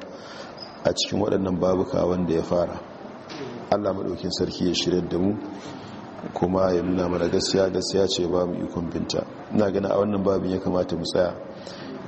a cikin waɗannan kawon da ya fara allah maɗaukin sarki ya shirya da mu kuma ya nuna mana gaskiya gaskiya ce ba mu ikon binta ina gana a wannan babin ya kamata mu tsaya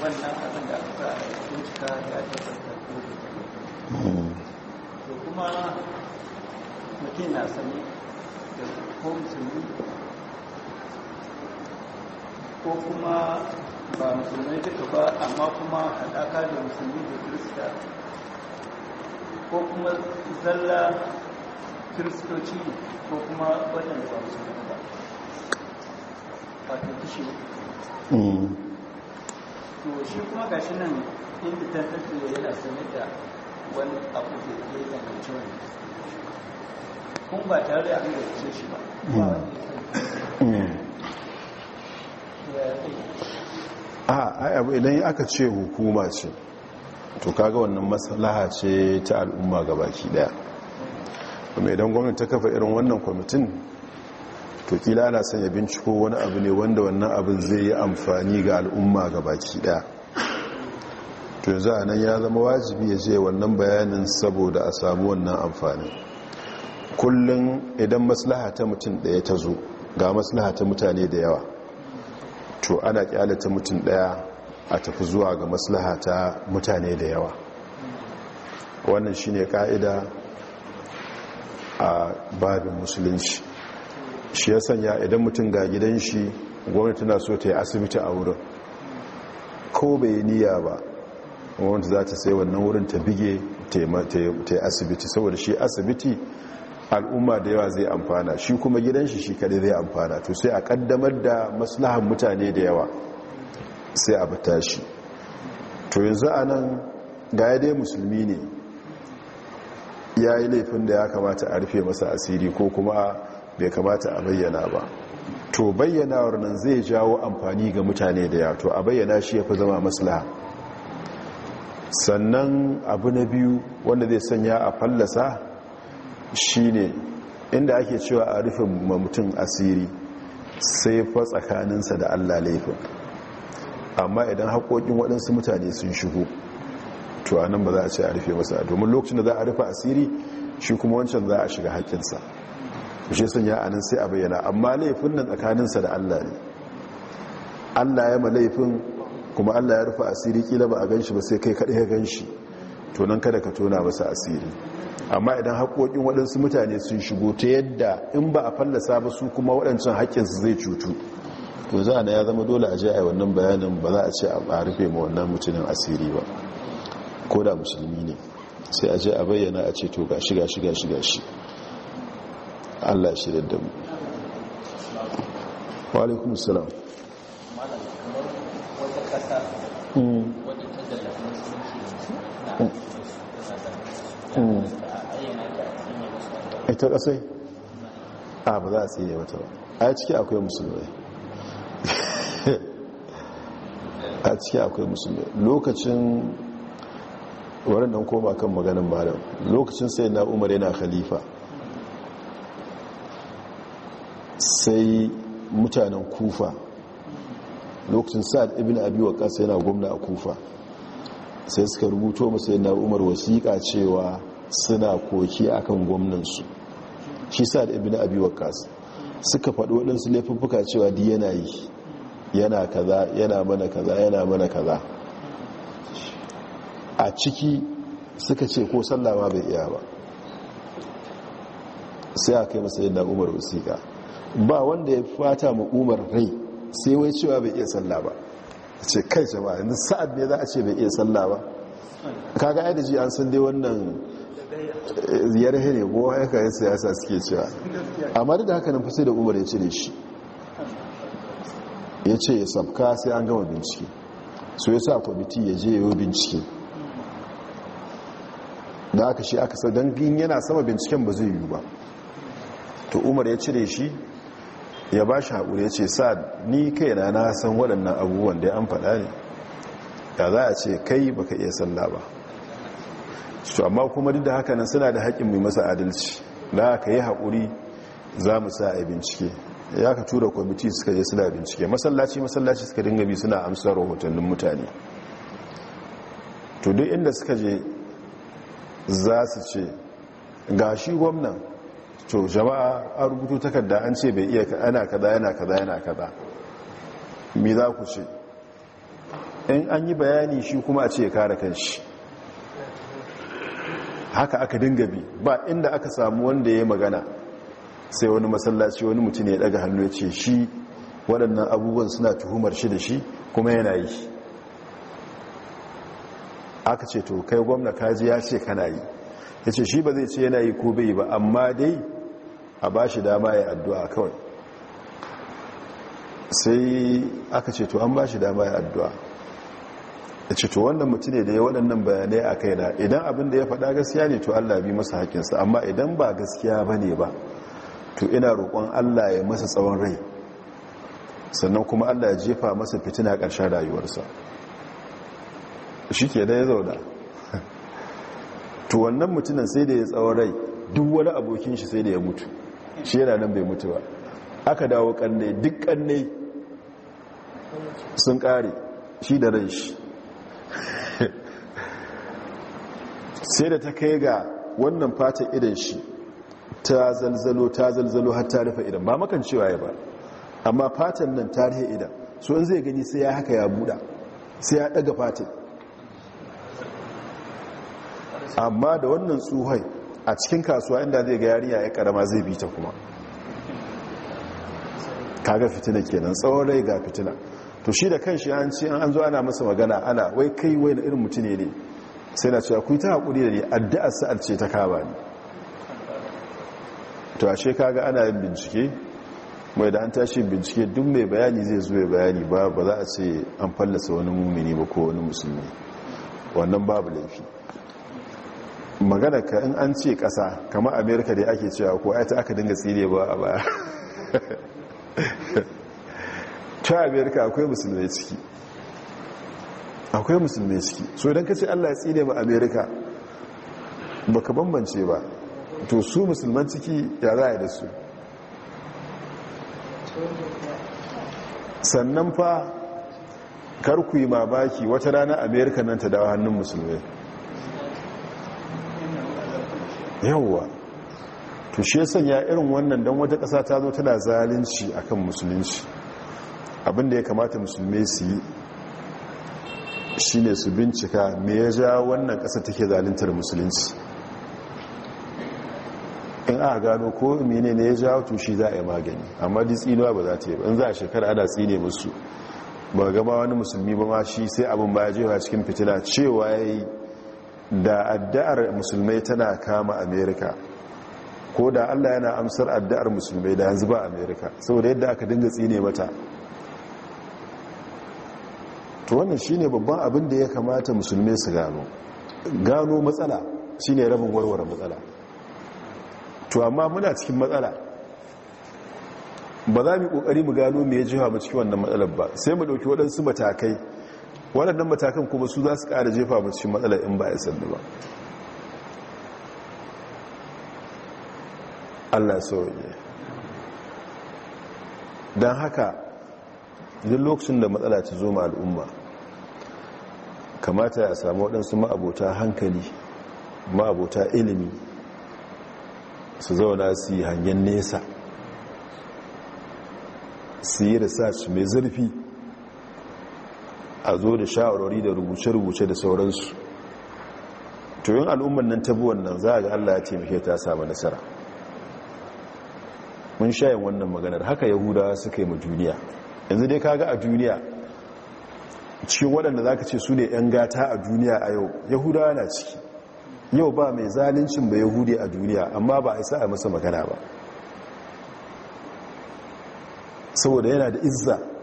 wannan abin da aka sa a bincika ya tabbata ko da kuma mutum na sani da ko musulmi ko kuma ba musulmai duka ba amma kuma haɗaka da musulmi da kirista ko kuma zalla kiristoci ko kuma waɗanda ba musulmi ba wato kishi mm. to shi kuma gashi nan inda ta tafi yana sanar da wani abu da ya cewa wani kun ba tare da an gaske shi ba mm. a ai abu idan aka ce hukuma ce to kaga wannan maslaha ce ta al'umma ga baki daya kuma idan gwamnati ta kafa irin wannan kwamitin to kila ana son ya binciko wani abu ne wanda wannan abin zai yi amfani ga al'umma ga baki daya to yanzu a nan ya zama wajibi ya je wannan bayanin saboda a samu wannan amfani kullum idan maslaha ta mutum daya ta zo ga maslaha ta mutane da yawa to ana ta mutum daya a tafi zuwa ga maslaha ta mutane da yawa wannan shine ka'ida a babin musulunci shi ya sanya idan mutum ga gidan shi gwamnati na so ta yi asibiti a wurin ko bai niyya ba wanda za ta sai wannan wurin ta bige ta yi asibiti saboda shi asibiti al'umma da yawa zai amfana shi kuma gidan shi shi kadai zai amfana to sai a kaddamar da maslahan mutane da yawa sai a bata shi to yanzu a nan ga ya dai musulmi ne ya yi laifin da ya kamata a rufe masa asiri ko kuma bai kamata a bayyana ba to bayyanawar nan zai jawo amfani ga mutane da ya to a bayyana shi ya fi zama maslaha sannan abu na biyu wanda zai sanya a fallasa shi ne inda ake cewa a rufe mutum asiri sai fa tsakaninsa da allah laifin amma idan haƙoƙin waɗansu mutane sun shigo to a nan ba za a ce a rufe masa domin lokacin da za a rufe asiri shi kuma wancan za a shiga haƙinsa shi sun ya anan sai a bayyana amma laifin nan sa da allah ne allah ya ma laifin kuma allah ya rufe asiri kila ba a gan shi ba sai kai kaɗai ya gan shi tonan kada ka tona masa asiri amma idan haƙoƙin waɗansu mutane sun shigo ta yadda in ba a fallasa ba su kuma waɗancan haƙƙinsu zai cutu to za na ya zama dole a je a yi wannan bayanin ba za a ce a rufe ma wannan mutumin asiri ba ko da musulmi ne sai a je a bayyana a ce to gashi gashi gashi gashi Allah shirya da mu wa salam ita kasai a ba za a tsaye wata ba a ciki akwai musulmai a ciki akwai musulmai lokacin waɗannan koma kan maganin malam lokacin sai na umar yana khalifa sai mutanen kufa lokacin sa'ad ibn abi waqas yana gwamna a kufa sai suka rubuto masa yana umar wasiƙa cewa suna koki akan gwamnansu shi sa'ad ibn abi waqas suka faɗi waɗansu laifuffuka cewa di yana yi yana kaza yana mana kaza yana mana kaza a ciki suka ce ko sallama bai iya ba sai a kai masa yana umar wasiƙa ba wanda ya fata ma umar rai sai wai cewa bai iya sallah ba ce kai jama yanzu sa'ad ne za a ce bai iya sallah ba kaga ai da ji an san dai wannan ziyar eh, ne ko haka yin siyasa suke cewa amma da haka nan fasai da umar ya cire shi ya ce ya sabka sai an gama bincike so ya sa kwamiti ya je yau bincike da aka shi aka sa don yana sama binciken ba zai yiwu ba to umar ya cire shi ya ba shi haƙuri ya ce sa'ad ni kai na na san waɗannan abubuwan da ya an faɗa ne ya za a ce kai baka iya salla ba su amma kuma duk da haka nan suna da haƙƙin mai masa adalci da ka yi haƙuri za mu sa a bincike ya ka tura kwamiti suka je suna bincike masallaci masallaci suka dinga bi suna amsa rahotannin mutane to duk inda suka je za su ce ga shi gwamnan to jama'a an rubutu takarda an ce bai iya ana kada yana kada yana kada me za ku ce in an yi bayani shi kuma a ce ya kare shi haka aka dinga bi ba inda aka samu wanda ya yi magana sai wani masallaci wani mutum ya daga hannu ya ce shi waɗannan abubuwan suna tuhumar shi da shi kuma yana yi aka ce to kai gwamna kaji ya ce kana yi ya ce shi ba zai ce yana yi ko bai ba amma dai a ba shi dama ya addu'a kawai sai aka ce to an ba shi dama ya addu'a ya ce to wannan mutum ne da ya waɗannan bayanai a kaina idan abin da ya faɗa gaskiya ne to allah bi masa haƙinsa amma idan ba gaskiya ba ne ba to ina roƙon allah ya masa tsawon rai sannan kuma allah ya jefa masa fitina ƙarshen rayuwarsa shi ke da ya zauna to wannan mutumin sai da ya tsawon rai duk wani abokin shi sai da ya mutu shi yana nan bai mutu ba aka dawo kanne duk kanne sun kare shi da ran shi sai da ta kai ga wannan fatan idan shi ta zalzalo ta zalzalo har ta rufe idan ba makan cewa ya ba amma fatan nan ta rufe idan so in zai gani sai ya haka ya buɗa sai ya ɗaga fatan amma da wannan tsohai a cikin kasuwa inda zai ga yariya ya karama zai bi ta kuma kaga fitina kenan tsawon rai ga fitina to shi da kanshi an ce an zo ana masa magana ana wai kai wai na irin mutune ne sai na cewa ku ta hakuri da ni addu'ar sa'ar ce ta kaba ni to ashe kaga ana yin bincike mai da an tashi bincike duk mai bayani zai zo bayani ba ba za a ce an fallasa wani mumini ba ko wani musulmi wannan babu laifi magana ka in an ce ƙasa kama amerika da ake cewa ko ta aka dinga tsire ba a baya ta amerika akwai musulmai ciki akwai musulmai ciki so idan ka ce allah ya tsire ba amerika ba ka bambance ba to su musulman ciki ya za da su sannan fa karku yi mabaki wata rana amerika nan ta dawo hannun musulmai yawwa to shi ya sanya irin wannan don wata ƙasa ta zo tana zalunci akan musulunci abinda ya kamata musulmai su yi shi ne su bincika me ya ja wannan ƙasa take zaluntar musulunci in a gano ko mene ne ya ja to shi za a yi magani amma di tsinuwa ba za ta yi ba, in za a shekara ana tsine musu ba gaba wani musulmi ba ma shi sai abin ba ya jewa cikin fitila cewa ya yi da addu'ar musulmai tana kama Amerika, ko da allah yana amsar addu'ar musulmai da yanzu ba Amerika, saboda yadda aka dinga tsine mata to wannan shine babban abin da ya kamata musulmai su gano gano matsala shine rabin warware matsala to amma muna cikin matsala ba za mu yi kokari mu gano me ya jiha mu cikin wannan matsalar ba sai mu ɗauki waɗansu matakai waɗannan matakan kuma su za su ƙara jefa ba cikin matsala in ba ya sandu ba allah sauye don haka duk lokacin da matsala ta zo ma al'umma kamata ya samu waɗansu ma'abota hankali ma'abota ilimi su zauna su yi hangen nesa su yi su mai zurfi a zo da sha'arori da rubuce-rubuce da sauransu tuyin al'ummar nan ta bi za a ga allah ya taimake ta samu nasara mun shayin wannan maganar haka yahudawa suka yi ma duniya yanzu dai kaga a duniya cikin waɗanda za ka ce su ne 'yan gata a duniya a yau yahudawa na ciki yau ba mai zalincin ba yahudi a duniya amma ba a isa a masa magana ba saboda yana da izza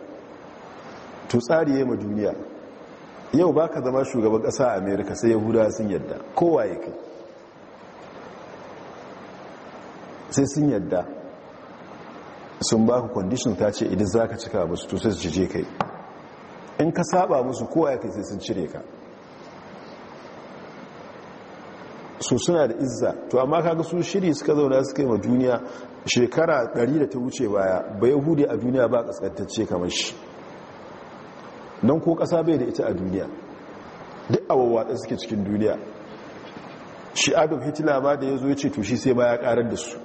to tsari ya ma duniya yau ba ka zama shugaban ƙasa a amerika sai yahudawa sun yadda kowa ya kai sai sun yadda sun ba ku kwandishin ta ce idan za ka cika musu to sai su jije kai in ka saba musu kowa ya kai sai sun cire ka su suna da izza to amma kaga su shiri suka zauna suka yi ma duniya shekara 100 da ta wuce baya ba yahudi a duniya ba kaskantacce kamar shi don ko ƙasa bai da ita a duniya duk awawwaɗa suke cikin duniya shi adam hitler ba da ya zo ya ce to shi sai ba ya karar da su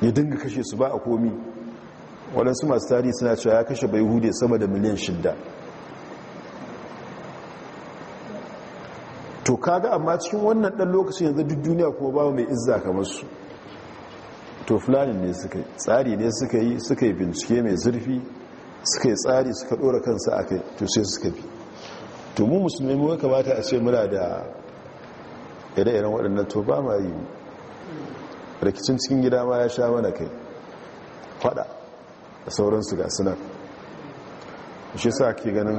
ya dinga kashe su ba a komi waɗansu masu tarihi suna cewa ya kashe bai hude sama da miliyan shida. to kaga amma cikin wannan ɗan lokacin yanzu duk duniya kuma babu mai izza kamar su to fulani ne suka yi tsari ne suka yi suka yi bincike mai zurfi suka yi tsari suka ɗora kansa a kai to sai suka bi to mu musulmi mu kamata a ce muna da ire-iren waɗannan to ba ma yi rikicin cikin gida ma ya sha mana kai fada da sauransu ga suna shi sa ke ganin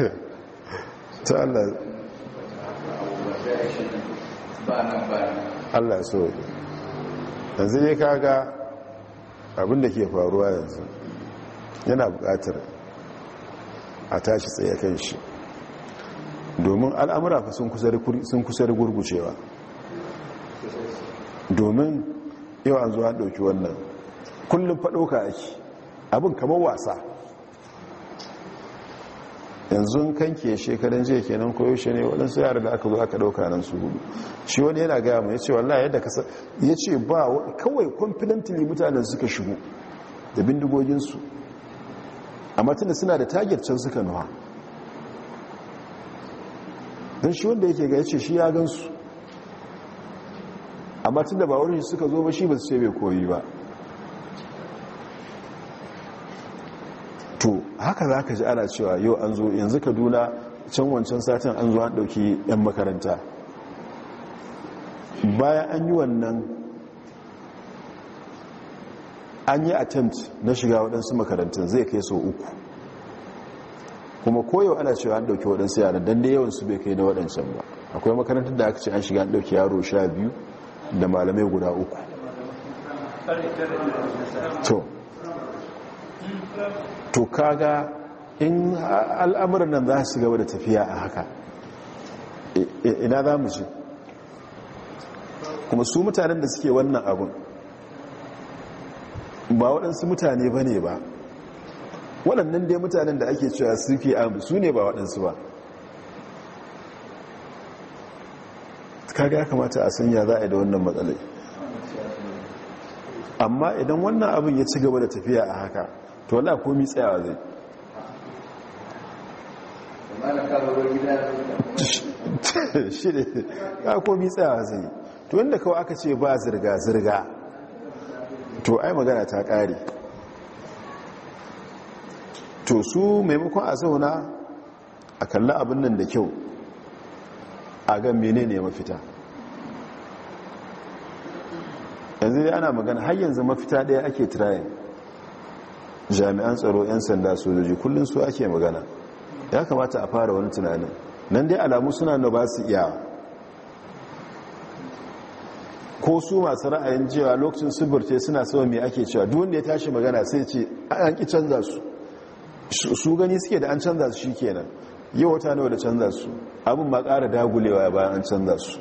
ta Allah Allah so yanzu ne kaga abinda ke faruwa yanzu yana bukatar a tashi tsaye kan shi domin al'amura sun kusa da gurgucewa domin yawan zuwa ɗauki wannan kullum faɗo ka ake abin kamar wasa yanzu kanki ya shekaran jiya kenan koyo shi ne waɗansu yara da aka zo aka ɗauka nan su hudu shi wani yana gaya mai ce wallahi yadda kasa ya ce ba kawai confidently mutanen suka shigo da bindigoginsu a matunda suna da target can suka nuwa don shi wanda yake ga ya ce shi ya gansu a matunda ba wurin suka zo ba shi ba su ce bai koyi ba haka za ka ji ana cewa yau an zo yanzu kaduna can wancan satin an zo an ɗauki 'yan makaranta bayan an yi wannan an yi attempt na shiga waɗansu makarantun zai kai sau uku kuma koyau ana cewa an ɗauki waɗansu yaran don da yawansu bai kai na waɗancan ba akwai makarantar da aka ce an shiga an ɗauki yaro sha biyu da malamai guda uku to kaga in al'amuran nan za su gaba da tafiya a haka ina za mu ce kuma su mutanen da suke wannan abun ba waɗansu mutane ba ne ba waɗannan dai mutanen da ake cewa fi abu su ne ba waɗansu ba kaga ya kamata a sanya za a yi da wannan matsalai amma idan wannan abin ya ci gaba da tafiya a haka to wala komi tsayawa zai shi ya komi tsayawa zai to yadda kawai aka ce ba zirga-zirga to ai magana ta ƙare to su maimakon a zauna a kalla abin nan da kyau a gan mene ne mafita yanzu ana magana har yanzu mafita ɗaya ake tirayin jami'an tsaro 'yan sanda sojoji kullum su ake magana ya kamata a fara wani tunanin nan dai alamu suna da ba su iya ko su masu ra'ayin cewa lokacin suburte suna sama mai ake cewa duk wanda ya tashi magana sai ce an ki canza su su gani suke da an canza su shi kenan yau wata nawa da canza su abin ma kara dagulewa bayan an canza su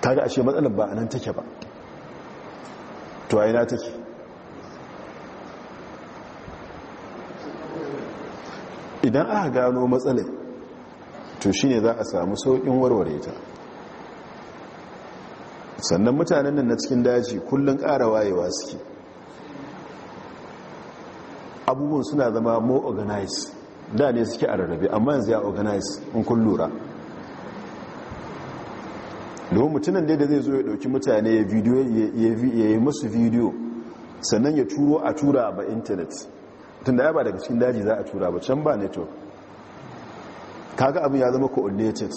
ga ashe matsalar ba a nan take ba to a yi na take idan aka gano matsalai to shi za a samu saukin warware ta sannan mutanen nan na cikin daji kullum ƙara wayewa suke abubuwan suna zama more organized da ne suke a rarrabe amma yanzu ya organize in kun lura domin mutunan da zai zo ya ɗauki mutane ya yi masu bidiyo sannan ya turo a tura ba intanet tun da ya ba daga cikin daji za a tura ba can ba network kaga abin ya zama coordinated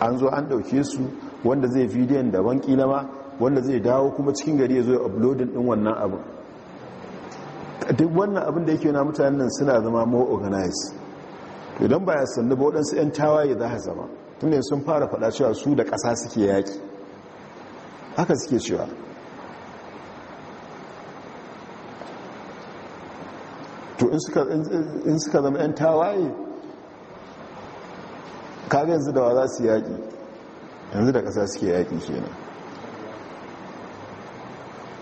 an zo an ɗauke su wanda zai bidiyon daban kila ma wanda zai dawo kuma cikin gari ya zo ya uploadin ɗin wannan abin duk wannan abin da yake na mutanen nan suna zama more organized idan ba ya sannu ba waɗansu 'yan tawaye za a zama tunda sun fara faɗa cewa su da ƙasa suke yaƙi haka suke cewa to in suka zama 'yan tawaye kaga yanzu da wa za su yaƙi yanzu da ƙasa suke yaƙi kenan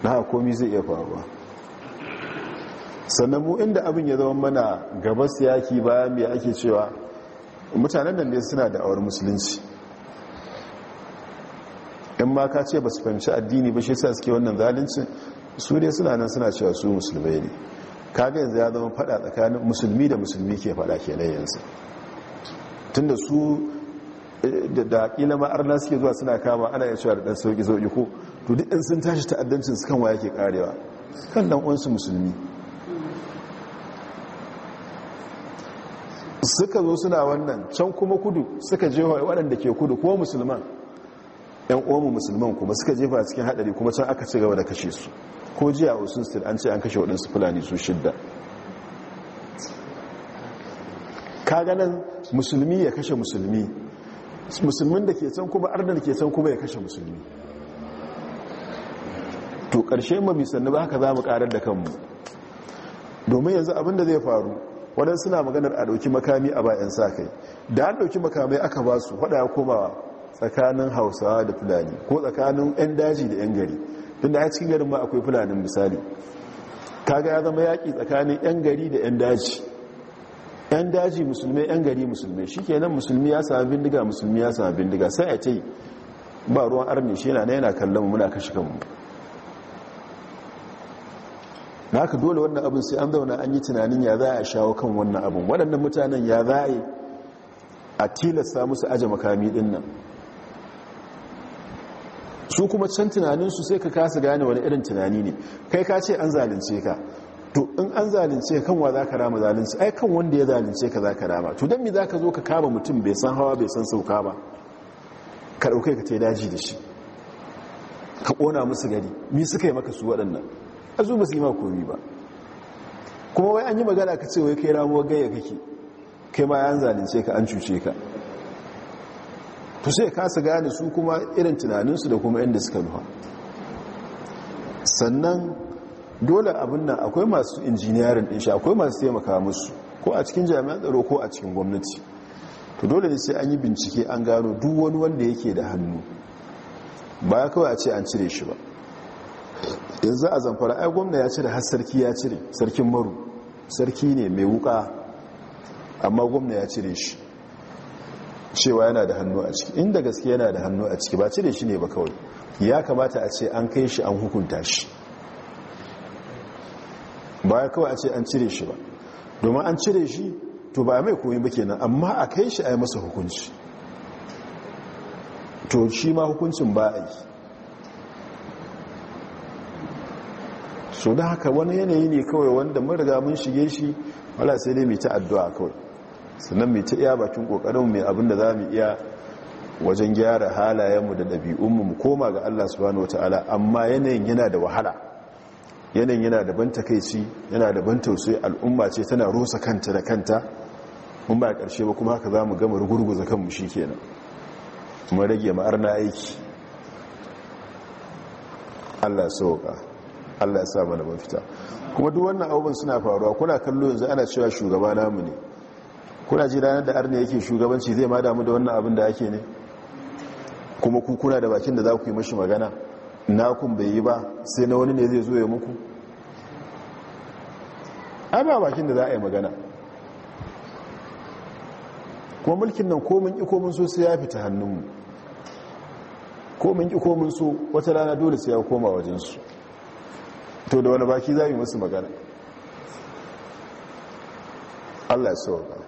na komi zai iya faruwa sannan mu inda abin ya zama mana gaba su yaƙi bayan mai ake cewa mutanen nan ne suna da awar musulunci in ma ka ce ba su fahimci addini ba shi sa suke wannan zalunci su dai suna nan suna cewa su musulmai ne kaga yanzu ya zama fada tsakanin musulmi da musulmi ke fada kenan yanzu tunda su eh, da kila ma'arna suke zuwa suna kama ana yin cewa da ɗan sauƙi sauki ko to duk in sun tashi ta'addancin su kan wa ke karewa kan nan uwansu musulmi suka zo suna wannan can kuma kudu suka jefa waɗanda ke kudu ko musulman yan uwanmu musulman kuma suka jefa cikin haɗari kuma can aka ci gaba da kashe su ko jiya a usustin an ce an kashe waɗansu fulani su shidda kaganan musulmi ya kashe musulmi musulmin da ke can kuma arna da ke can kuma ya kashe musulmi to ƙarshe mabi sannu ba haka za mu ƙarar da kanmu domin yanzu abinda zai faru waɗansu suna maganar a ɗauki makami a bayan sa kai da an ɗauki makamai aka ba su waɗa komawa tsakanin hausawa da fulani ko tsakanin 'yan daji da 'yan gari tunda a cikin garin ma akwai fulanin misali kaga ya zama yaƙi tsakanin 'yan gari da 'yan daji 'yan daji musulmi 'yan gari musulmi. shi kenan musulmi ya sami bindiga musulmi ya sami bindiga sai a ce ba ruwan armi shi yana yana kallon muna kashe kanmu na haka dole wannan abin sai an zauna an yi tunanin ya za a shawo kan wannan abin waɗannan mutanen ya za a tilasta musu aje makami ɗin nan su kuma can tunaninsu sai ka kasa gane wani irin tunani ne kai ka ce an zalunce ka to in an zalunce kanwa kanwa za ka rama zalince ai kan wanda ya zalunce ka za ka rama to don mi za ka zo ka kama mutum bai san hawa bai san sauka ba ka ɗaukai ka yi daji da shi ka ƙona musu gari mi suka yi maka su waɗannan a zo su yi ma komi ba kuma wai an yi magana ka ce wai kai ramuwar gaya kake kai ma an zalunce ka an cuce ka to sai kasa gane su kuma irin tunaninsu da kuma inda suka nufa sannan dole abinnan akwai masu injiniyarin din shi akwai masu taimaka musu ko a cikin jami'an tsaro ko a cikin gwamnati to dole ne sai an yi bincike an gano duk wani wanda yake da hannu ba ya kawai a ce an cire shi ba yanzu a zamfara ai gwamna ya cire har sarki ya cire sarkin maru sarki ne mai wuka amma gwamna ya cire shi cewa yana da hannu a ciki inda gaske yana da hannu a ciki ba cire shi ne ba kawai ya kamata a ce an kai shi an hukunta shi ba ya kawai a ce an cire shi ba domin an cire shi to ba mai koyi ba kenan amma a kai shi a yi masa hukunci to shi ma hukuncin ba a yi so da haka wani yanayi ne kawai wanda mun riga mun shige shi wala sai dai mai ta addu'a kawai sannan mai ta iya bakin kokarin mai abin da za mu iya wajen gyara halayenmu da ɗabi'unmu mu koma ga Allah subhanahu wataala amma yanayin yana da wahala yanayin yana da ban ci yana da ban tausayi al'umma ce tana rusa kanta da kanta mun ba ƙarshe ba kuma haka za mu gama rugurguza kanmu shi kenan kuma rage ma'ar na aiki Allah ya sauka Allah ya sa mana mafita kuma duk wannan abubuwan suna faruwa kuna kallo yanzu ana cewa shugaba namu ne kuna ji ranar da arna yake shugabanci zai ma damu da wannan abin da ake ne kuma ku kuna da bakin da za ku yi mashi magana na kun bai yi ba sai na wani ne zai zo ya muku a ba bakin da za a yi magana kuma mulkin nan komin ikomin so sai ya fita hannunmu komin ikomin so wata rana dole sai ya koma wajensu to da wani baki za yi musu magana Allah ya sauka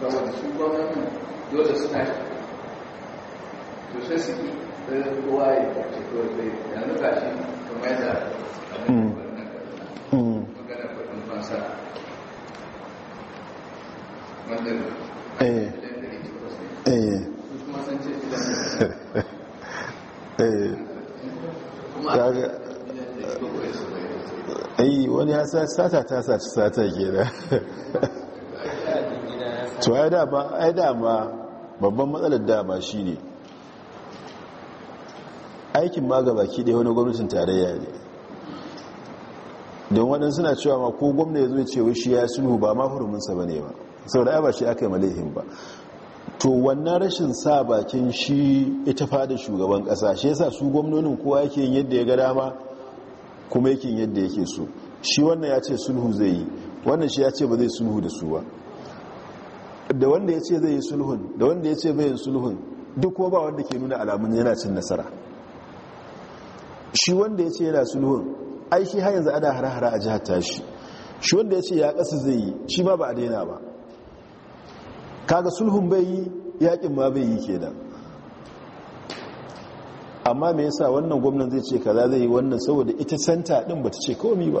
saboda su gwamnatin dole suna to sai su yi ɗaya kowa ya ce kawai da nuka shi kamar da hmm. hmm. magana ta sata to ya dama ai dama babban matsalar dama shine aikin ma ga baki ɗaya wani gwamnatin tarayya ne don waɗansu suna cewa ma ko gwamna ya zo ce shi ya sulhu ba ma huruminsa ba ne ba saboda ai ba shi aka yi malihin ba to wannan rashin sa bakin shi ita fada shugaban kasa shi yasa su gwamnonin kowa yake yin yadda ya ga dama kuma yake yin yadda yake so shi wannan ya ce sulhu zai yi wannan shi ya ce ba zai sulhu da su ba da wanda ya ce zai yi sulhun da wanda ya ce bayan sulhun duk kuma ba wanda ke nuna alamun yana cin nasara shi wanda ya ce yana sulhun ai shi har yanzu ana harahara a jihar tashi shi wanda ya ce ya kasa zai yi shi ma ba a daina ba kaga sulhun bai yi yaƙin ma bai yi kenan amma me yasa wannan gwamnan zai ce kaza zai yi wannan saboda ita santa din ta ce komi ba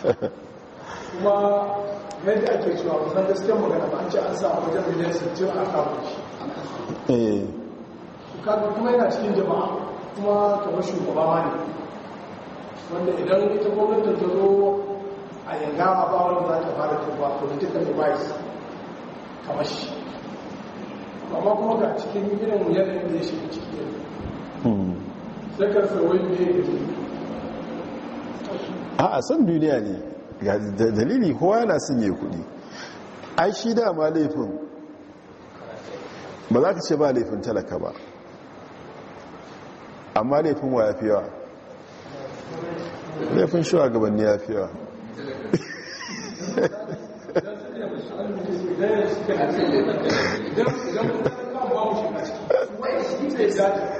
kuma yadda ake cewa kusan gaskiyar magana ba an ce an samu wajen miliyan 60 a kawo shi eh kuma yana cikin jama'a kuma kamar shugaba ma ne wanda idan ita gwamnatin ta zo a yanga a ba wani za ta fara tuba political device kamar shi amma kuma ga cikin irin yanayin da ya shiga ciki hmm. sai karfe wani ne ya a san duniya ne dalili kowa yana sun yi kudi ai shi dama laifin ba za ka ce ba laifin talaka ba amma laifin wa ya fi yawa laifin shugabanni ya fi yawa idan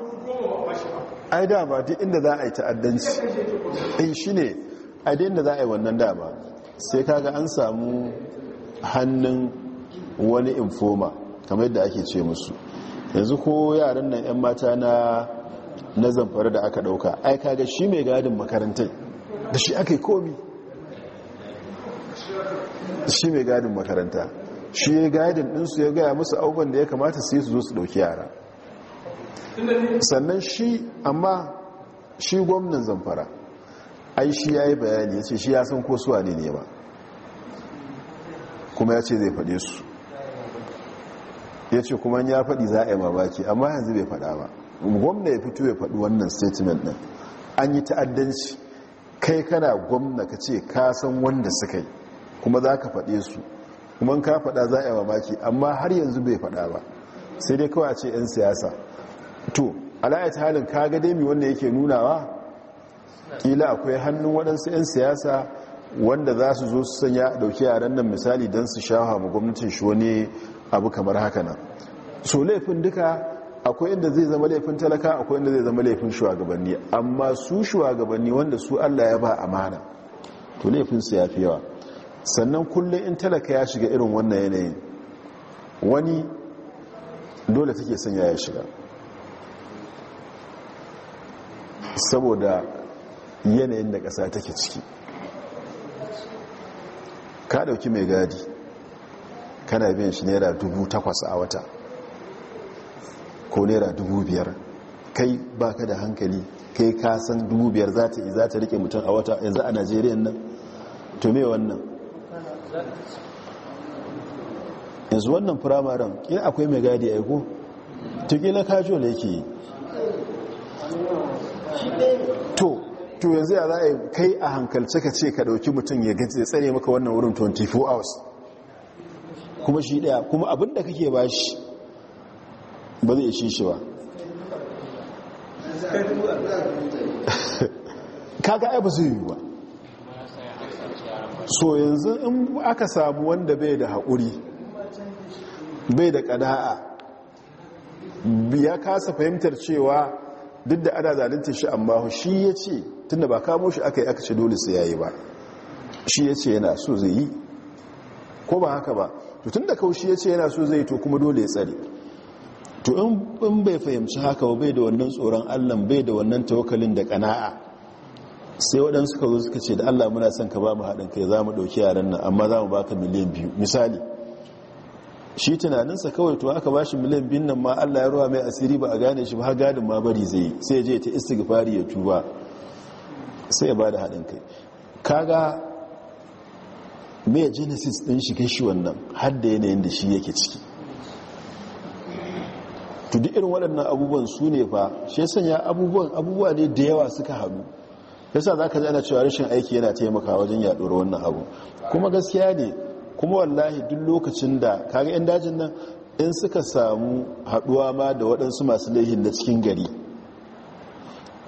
ai dama duk inda za a yi ta'addanci in eh, shi ne a inda za a yi wannan dama sai kaga an samu hannun wani infoma kamar yadda ake ce musu yanzu ko yaran nan 'yan mata na na zamfara da aka dauka ai kaga shi mai gadin makarantai da shi aka yi komi shi mai gadin makaranta shi ya gadin ɗinsu ya gaya musu abubuwan da ya kamata su yi su zo su ɗauki yara sannan shi amma shi gwamnan zamfara ai shi ya yi bayani ya ce shi ya san ko suwa ne ne ba kuma ya ce zai faɗe su ya ce kuma ya faɗi za a yi mamaki amma yanzu bai faɗa ba gwamna ya fito ya faɗi wannan statement ɗin an yi ta'addanci kai kana gwamna ka ce ka san wanda suka yi kuma za ka faɗe su kuma ka faɗa za a yi mamaki amma har yanzu bai faɗa ba sai dai kawace 'yan siyasa to alayat halin kaga dai mi wanda yake nunawa kila akwai hannun waɗansu 'yan siyasa wanda za su zo su sanya dauki yaran nan misali don su shafa ma gwamnatin shi wani abu kamar haka nan so laifin duka akwai inda zai zama laifin talaka akwai inda zai zama laifin shugabanni amma su shugabanni wanda su allah ya ba amana to laifin su ya fi yawa sannan kullum in talaka ya shiga irin wannan yanayin wani dole take sanya ya shiga saboda yanayin da ƙasa take ciki ka dauki mai gadi kana biyan shi naira dubu takwas a wata ko naira dubu biyar kai ka da hankali kai ka san dubu biyar za ta za ta rike mutum a wata yanzu a najeriya nan to me wannan yanzu wannan firamaren ina akwai mai gadi aiko tukila kajo da yake yi to to yanzu ya za a kai a hankalce ka ce ka dauki mutum ya gaji ya tsare maka wannan wurin 24 hours kuma shi daya kuma abinda kake ba shi ba zai ishe shi ba kaga ai ba zai yi ba so yanzu in aka samu wanda bai da haƙuri bai da ƙada'a ya kasa fahimtar cewa duk da ana zalunta shi amma shi ya ce tunda ba kamo shi aka yi aka ce dole sai ya yi ba shi ya ce yana so zai yi ko ba haka ba to tun da shi ya ce yana so zai to kuma dole ya tsare to in bai fahimci haka ba bai da wannan tsoron allah bai da wannan tawakalin da kana'a sai waɗansu kawo suka ce da allah muna son ka ba mu haɗin kai za mu ɗauki yaran nan amma za mu baka miliyan biyu misali shi tunaninsa kawai to aka bashi miliyan bin nan ma Allah ya ruwa mai asiri ba a gane shi ba har gadin ma bari zai sai ya je ta istighfari ya tuba sai ya bada haɗin kai kaga mai genesis ɗin shi kai shi wannan har da yanayin da shi yake ciki to duk irin waɗannan abubuwan su ne fa shi ya sanya abubuwan abubuwa ne da yawa suka haɗu yasa za ka ji ana cewa rashin aiki yana taimaka wajen yaɗuwar wannan abu kuma gaskiya ne kuma wallahi duk lokacin da kaga 'yan dajin nan in suka samu haduwa ma da waɗansu masu laihin da cikin gari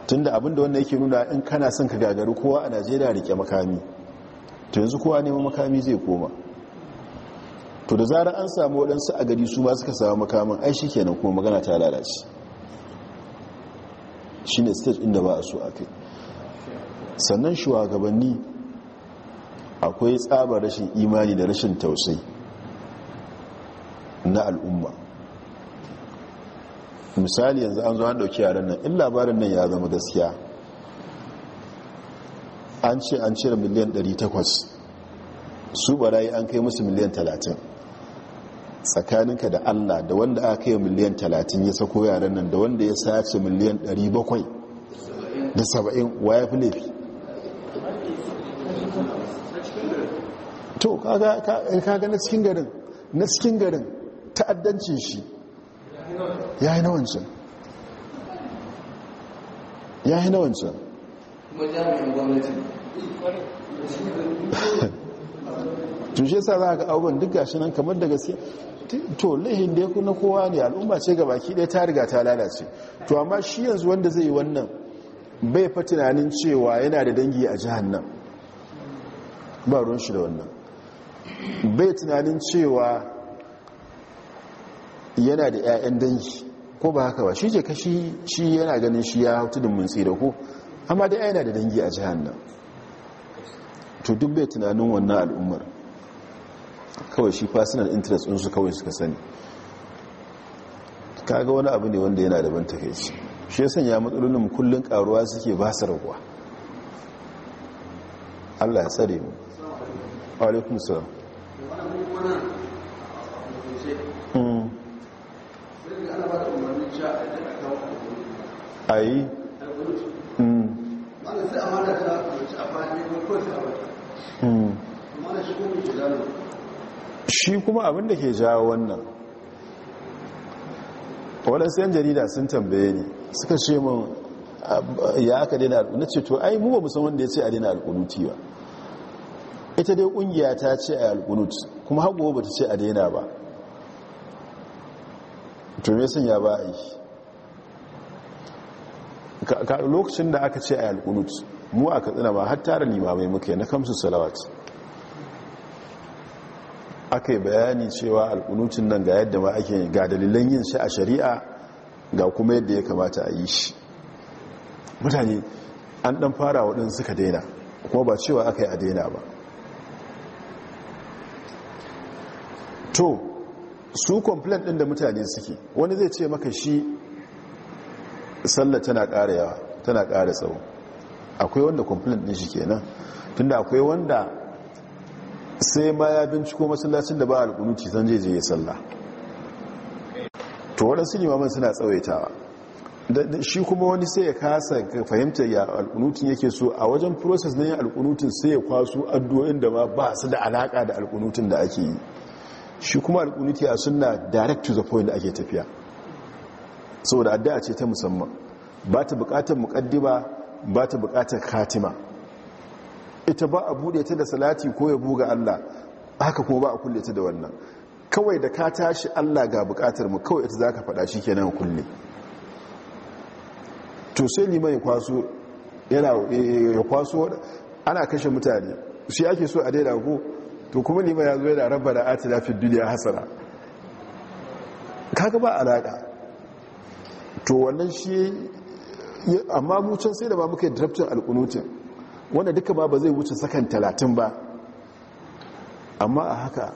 tunda abinda wannan yake nuna in kana son ka gagari kowa a najeriya rike makami to yanzu kowa neman makami zai koma to da zarar an samu waɗansu a gari su ma suka samu makamin ai shi kenan kuma magana ta lalace shi ne stage inda ba a so a kai sannan shuwagabanni. akwai tsabar rashin imani da rashin tausayi na al'umma misali yanzu an zo an ɗauki yaran nan in labarin nan ya zama gaskiya an ce an cire miliyan 800 su barayi an kai musu miliyan 30 tsakaninka da allah da wanda aka kai miliyan 30 ya sako yaren nan da wanda ya sace miliyan 700 da 70 ya fi laifi to kaga na cikin garin na cikin garin ta'addancin shi ya yi na can. ya yi na wancan tushe sa za a ga abubuwan duk gashi nan kamar da gaske to lihin da ya kuna kowa ne al'umma ce ga baki ɗaya ta riga ta lalace to amma shi yanzu wanda zai yi wannan bai fa tunanin cewa yana da dangi a jihar nan ba ruwan shi da wannan bai tunanin cewa yana da 'ya'yan dangi ko ba haka ba shi kashi shi yana ganin shi ya hautu da mun tsira ko amma da yana da dangi a jihar nan to duk bai tunanin wannan al'ummar kawai shi personal interest ɗinsu kawai suka sani kaga wani abu ne wanda yana da ban kai shi ya sanya matsalolin kullum karuwa suke ba su raguwa allah ya tsare mu alaikum salam Hmm. Hmm. Hmm. shi kuma abin da ke jawo wannan waɗansu 'yan jarida sun tambaye ni suka ce mun ya aka daina alƙudu na ce to ai mu ba musamman da ya ce a daina alƙudu ba ita dai ƙungiya ta ce a alƙudu kuma haguwa ba ta ce a daina ba tume sun ya ba a yi lokacin da aka ce a yalkunut mu a Katsina ba har tara limamai muke na kamsu salawat aka yi bayani cewa alkunutun nan ga yadda ma ake ga dalilan yin shi a shari'a ga kuma yadda ya kamata a yi shi mutane an dan fara waɗansu suka daina kuma ba cewa aka yi a daina ba to su complain din da mutane suke wani zai ce maka shi sallar tana ƙara tana ƙara tsawo akwai wanda complain din shi kenan tunda akwai wanda sai ma ya binciko masallacin da ba alƙunuci zan je je sallah to waɗansu limaman suna tsawaitawa shi kuma wani sai ya kasa fahimtar ya alkunutun yake so a wajen process na yin alkunutun sai ya kwaso addu'o'in da ba su da alaka da alkunutun da ake yi shi kuma alkuniti a suna direct to the point ake tafiya saboda addu'a ce ta musamman ba ta bukatar muƙaddi ba ta bukatar katima ita ba a bude ta da salati ko ya buga Allah haka kuma ba a kulle ta da wannan kawai da ka tashi Allah ga bukatar mu kawai ita zaka faɗa kenan kulle to sai liman ya kwaso yana eh, ya kwaso ana kashe mutane shi ake so a daida ko to kuma ma ya zo yana rabba da ati fi duniya hasara kaga ba alaƙa to wannan shi amma mucin sai da ba muka yi draftin alƙunutin wanda duka ba ba zai wuce sakan talatin ba amma a haka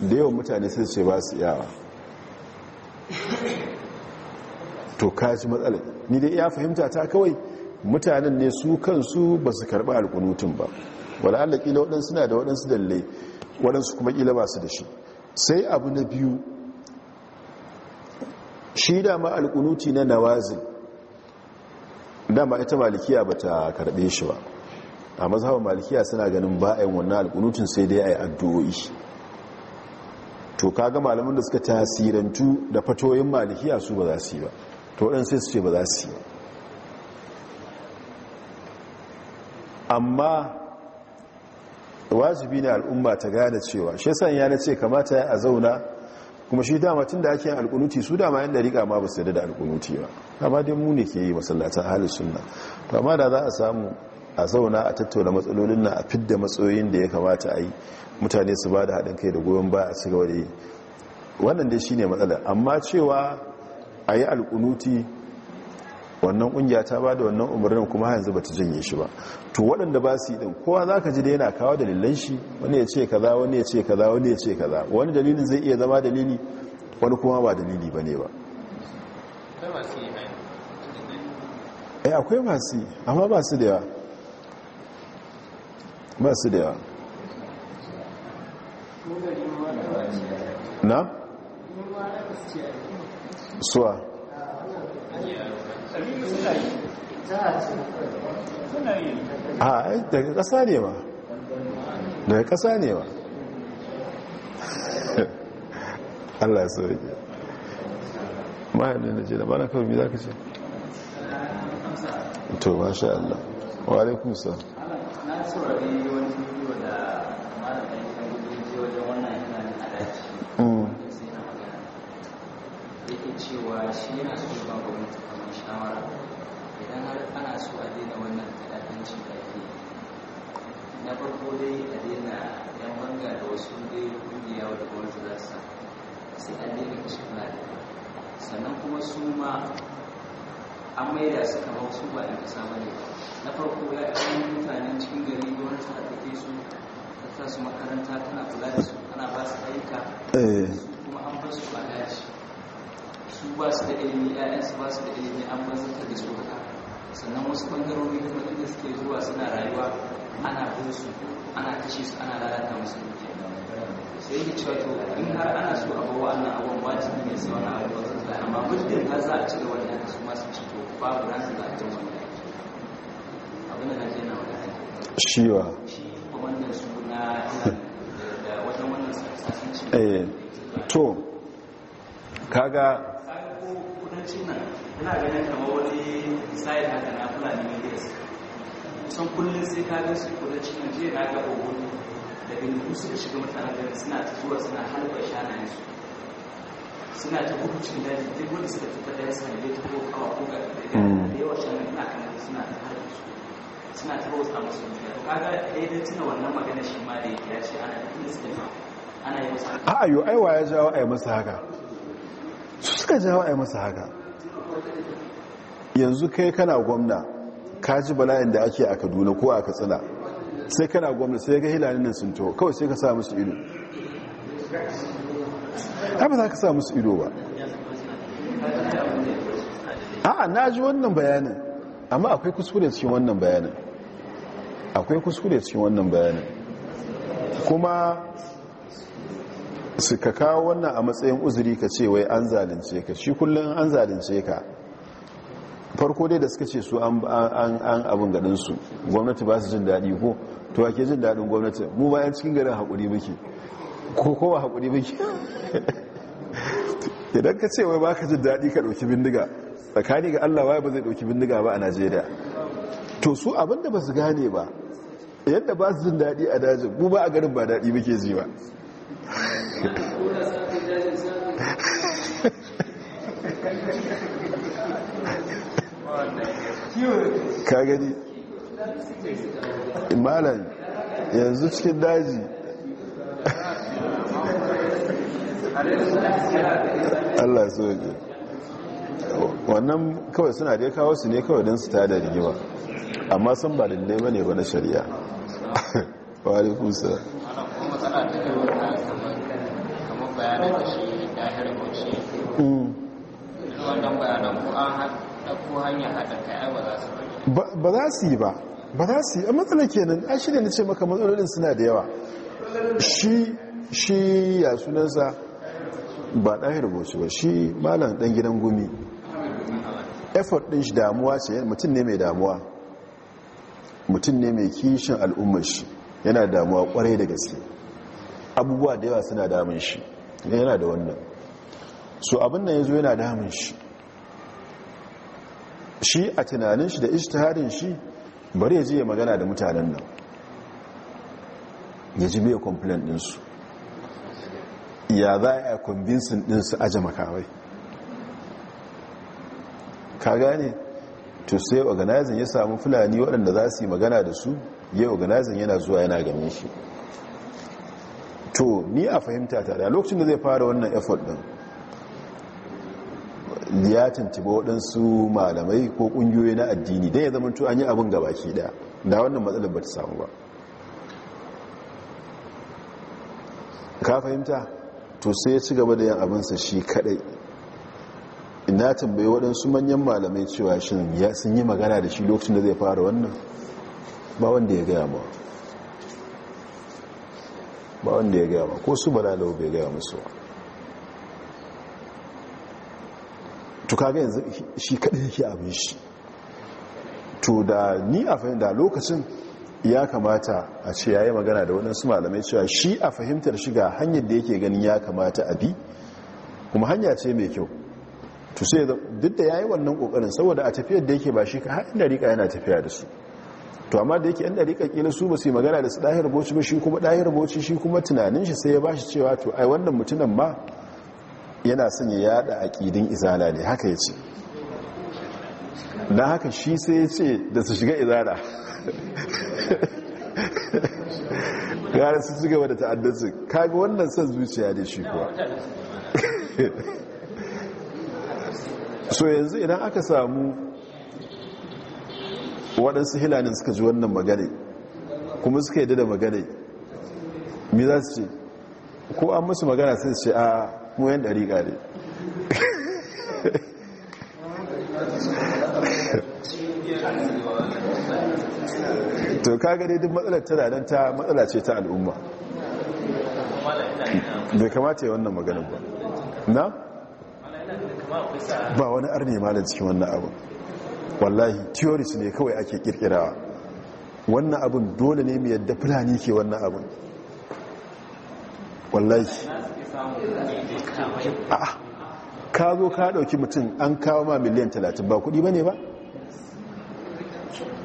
da yawan mutane sai ce ba su yawa to kashi matsalai ni dai ya fahimta ta kawai mutanen ne su kansu ba su karɓi alƙunutin ba wala Allah kila waɗansu na da waɗansu dalle waɗansu kuma kila ba su da shi sai abu na biyu shi dama alƙunuti na nawazin dama ita malikiya ba ta karɓe shi ba a mazhaban malikiya suna ganin ba'ayin wannan alƙunutin sai dai a yi addu'o'i to kaga malamin da suka tasirantu da fatoyin malikiya su ba za su yi ba to waɗansu sai su ce ba za su yi ba amma wajibi ne al'umma ta gane cewa shi san ya ce kamata ya a zauna kuma shi dama tun da ake yin alkunuti su dama yadda riga ma ba su yadda da alkunuti ba amma dai mu ne ke yi masallatan halin sunna to amma da za a samu a zauna a tattauna matsalolin na a fidda matsoyin da ya kamata a yi mutane su ba da haɗin kai da goyon ba a cigaba da yi wannan dai shi ne matsala amma cewa a yi alkunuti wannan kungiya ta ba da wannan umarnin kuma yanzu ba ta janye shi ba to waɗanda ba su yi ɗin kowa za ka ji da yana kawo dalilan shi wani ya ce kaza wani ya ce kaza wani ya ce kaza wani dalilin zai iya zama dalili wani kuma ba dalili ba ne ba ai akwai masu eh, amma ba su da yawa ba su da yawa na? suwa a daga kasa ne ba daga kasa ne ba allah ya sauke mahaifin da ce da bana kawai biyu za ka ce to ba sha allah wa da wajen wannan mm. yake cewa shi yana so ba gwamnati shawara idan har ana so a daina wannan talatanci da ke na farko dai a daina yan banga da wasu dai kungiya wadda gwamnati za su sai a daina kashe fulani sannan kuma su ma an maida su kama su ba da kasa ba na farko ya yi mutanen cikin gari gwamnati ta ɗauke su ta su makaranta tana kula da su ana ba su ayyuka eh. kuma an ba su ba daji su ba su da ilimi ya'yan su ba su da ilimi an banzanta da su haka sannan wasu bangarori kuma inda suke zuwa suna rayuwa ana bin su ana kashe su ana lalata musu sai da cewa to in har ana so a bawa wannan abun wajibi ne sai wani abu wasu zai amma mutum har za a ci da haka su masu ci to babu ran su za a tausa abin da na je na wani shiwa shi wannan su na wajen wannan sassan eh, to kaga kudancin nan ganin kamar wani side haka na fulani kusan kullum sai ka gan su kudancin nan jiya na ga ogun shiga suna suna halbar shanayen su suna ta gudu cikin daji duk suka da yasa ne ta kawa ko ga da yawa hmm. shanayen suna ta halbar su suna ta rosa musu da kaga tuna wannan magana shi ma da ya ce ana da suka ana yi masa a'a yo aiwa ya jawo ai masa haka su suka jawo a yi masa haka yanzu kai kana gwamna ka ji bala'in da ake a kaduna ko a katsina sai kana gwamna sai ga hilalin nan sun taho kawai sai ka sa musu ido ba za ka sa musu ido ba a'a na ji wannan bayanin amma akwai kuskure cikin wannan bayanin akwai kuskure cikin wannan bayanin kuma Su ka kawo wannan a matsayin uzuri ka ce wai an zalunce ka shi kullum an zalunce ka farko dai da suka ce su an abin gadinsu gwamnati ba su jin daɗi ko to ake jin daɗin gwamnati mu bayan cikin garin haƙuri muke ko kowa haƙuri muke idan ka ce wai ba ka jin daɗi ka ɗauki bindiga tsakani ga allah waya ba zai ɗauki bindiga ba a najeriya to su abin da ba su gane ba yadda ba su jin daɗi a dajin mu ba a garin ba daɗi muke ji ba ka gani malam yanzu cikin daji Allah so yake wannan kawai suna dai kawo su ne kawai don su ta da rigima amma sun ba da ne ba ne ba na shari'a wa alaikusa Hmm. ba za su yi ba ba za su yi a matsala kenan a shi na ce maka matsalolin suna da yawa shi shi ya sunansa ba ɗahir bauchi ba shi malam ɗan gidan gumi effort ɗin shi damuwa ce mutum ne mai damuwa mutum ne mai kishin al'ummar shi yana damuwa kwarai da gaske abubuwa da yawa suna damun shi ga yana da wannan so abin nan ya zo yana damun shi shi a tunanin shi da ishtiharin shi bari ya je magana da mutanen nan ya ji mai complain dinsu ya za a convincing ɗinsu aje makawai ka gane to sai organizing ya samu fulani waɗanda za su yi magana da su yi organizing yana zuwa yana gami shi to ni a fahimta ta da lokacin da zai fara wannan effort din ya tuntuba waɗansu malamai ko ƙungiyoyi na addini don ya zama to an yi abin gaba ɗaya da wannan matsalar ba ta samu ba ka fahimta to sai ya ci gaba da yin abinsa shi kadai ina tambayi waɗansu manyan malamai cewa shi ya sun yi magana da shi lokacin da zai fara wannan ba wanda ya gaya ma. ba wanda ya gaya ba ko su balalau bai gaya musu ba tukaga yanzu shi kaɗai yake abin shi to da ni a fahimta lokacin ya kamata a ce ya yi magana da waɗansu malamai cewa shi a fahimtar shiga hanyar da yake ganin ya kamata a bi kuma hanya ce mai kyau to sai duk da ya yi wannan ƙoƙarin saboda a tafiyar da yake ba shi ka haɗin da riƙa yana tafiya da su to amma da yake yan dariƙa ƙila su ba su yi magana da su ɗahir boci ba shi kuma ɗahir boci shi kuma tunanin shi sai ya ba shi cewa to ai wannan mutunan ma yana son ya yada a ƙidin izala ne haka ya ce na haka shi sai ya ce da su shiga izala gara su su gaba da ta'addansu kaga wannan son zuciya ne shi kuwa so yanzu idan aka samu waɗansu hilalin suka ji wannan magani, kuma suka yi da magani. mi za su ce ko an musu magana sai su ce a muyan ɗari ƙare to ka gani duk matsalar tana nan ta matsala ce ta al'umma bai kamata yi wannan maganin ba na? ba wani arne malar cikin wannan abu wallahi theories ne kawai ake kirkirawa wannan abin dole ne mai yadda fulani ke wannan abin wallahi a'a ka zo ka dauki mutum an kawo ma miliyan 30 ba kudi ne ba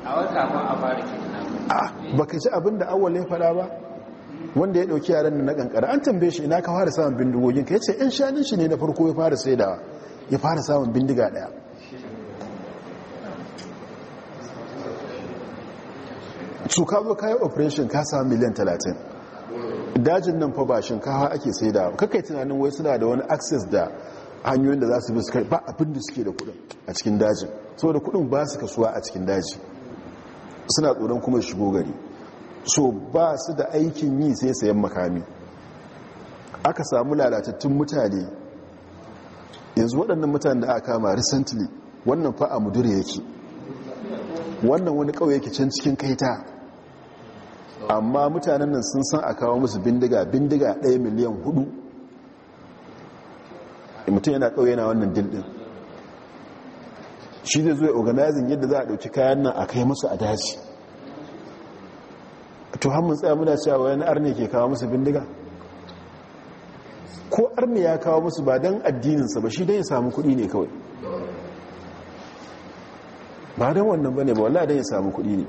a wata ba a fara kidnapping ba ka ji abin da awwal ya fada ba wanda ya dauki yaran na kankara an tambaye shi ina ka fara samun bindigogin ka yace yan shanin shi ne na farko ya fara saidawa ya fara samun bindiga daya su ka zo kayan operation ka samu miliyan 30 dajin nan fa ba shinkawa ake sai da kakai tunanin wai suna da wani access da hanyoyin da za su bi su kai ba abin da suke da kudin a cikin dajin saboda kudin ba su kasuwa a cikin daji suna tsoron kuma shigo gari so ba su da aikin yi sai sayan makami aka samu lalatattun mutane yanzu waɗannan mutane da aka kama recently wannan fa a mudure yake wannan wani ƙauye yake can cikin kaita amma mutanen nan sun san a kawo musu bindiga bindiga ɗaya miliyan hudu mutum yana ƙauye na wannan dildin shi zai zo ya organizing yadda za a ɗauki kayan nan a kai musu a daji to hamun tsaye muna cewa wani arne ke kawo musu bindiga ko arne ya kawo musu ba don addininsa ba shi don ya samu kuɗi ne kawai ba don wannan ba ne ba wallah don ya samu kuɗi ne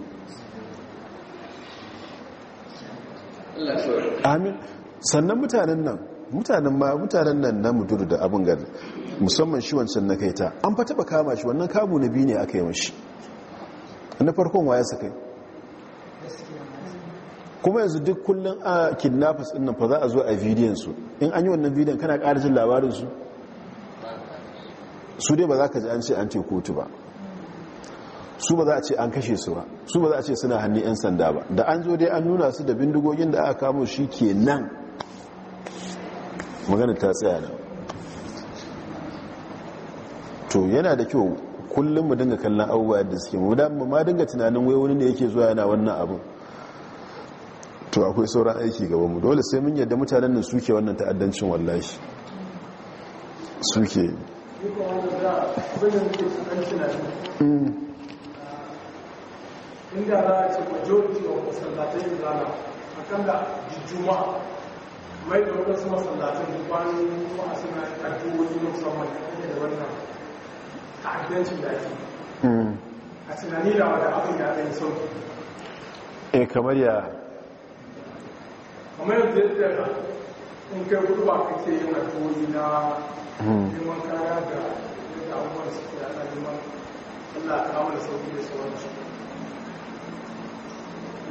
amin sannan mutanen nan mutanen ma mutanen nan na mudur da abin gari musamman shi wancan na kaita an fa taba kama shi wannan kamu na biyu ne aka yi mashi na farkon waya sa kai kuma yanzu duk kullum a kidnappers din nan fa za a zo a bidiyon su in an yi wannan bidiyon kana ƙara jin labarin su su dai ba za ka ji an ce an ce kotu ba su ba za a ce an kashe su ba su ba za a ce suna hannu 'yan sanda ba da an zo dai an nuna su da bindigogin da aka kamo shi ke nan magana ta tsaya nan to yana da kyau kullum mu dinga kallon abubuwa yadda suke mu da ma dinga tunanin wai wani ne yake zuwa yana wannan abu to akwai sauran aiki gaban mu dole sai mun yadda mutanen nan suke wannan ta'addancin wallahi suke inda za a ce majority of masallatai da rana da jujjuma mai dokar su masallatai da kwanu kuma a suna addu'o'i na musamman da wannan ta'addancin da ake hmm. a tunani da wada abin ya ɗan sauki e kamar ya kamar yadda zai tsara in kai kudu ba kake ke yi na hmm. neman kara da abubuwan suke ana neman Allah ya kawo da sauki da sauransu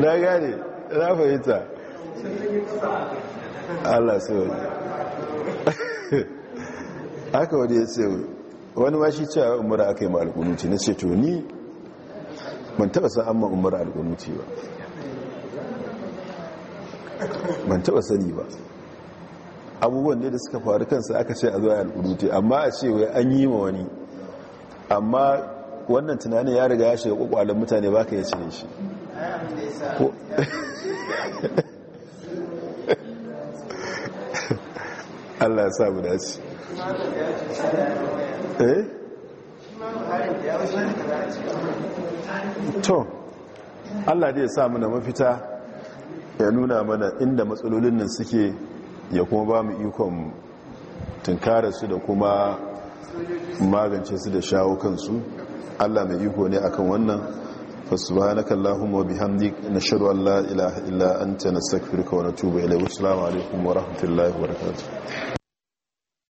na gane na fahimta allah sai wani haka wani ya ce wani ma shi cewa umara aka yi ma alkunuci na ce to ni ban taba san amma umara alkunuci ba ban taba sani ba abubuwan ne da suka faru kansa aka ce a zuwa alkunuci amma a ce wai an yi ma wani amma wannan tunanin ya riga ya shiga kwakwalin mutane ba ka yi cire shi Allah sa mu dace eh to Allah dai ya sa mu mafita ya nuna mana inda matsalolin nan suke ya kuma ba mu ikon tunkararsu da kuma magance su da shawo kansu Allah mai iko ne akan wannan fa subhanaka allahumma wa bihamdik nashhadu an la ilaha illa anta nastaghfiruka wa natubu ilayk assalamu alaikum wa rahmatullahi wa barakatuh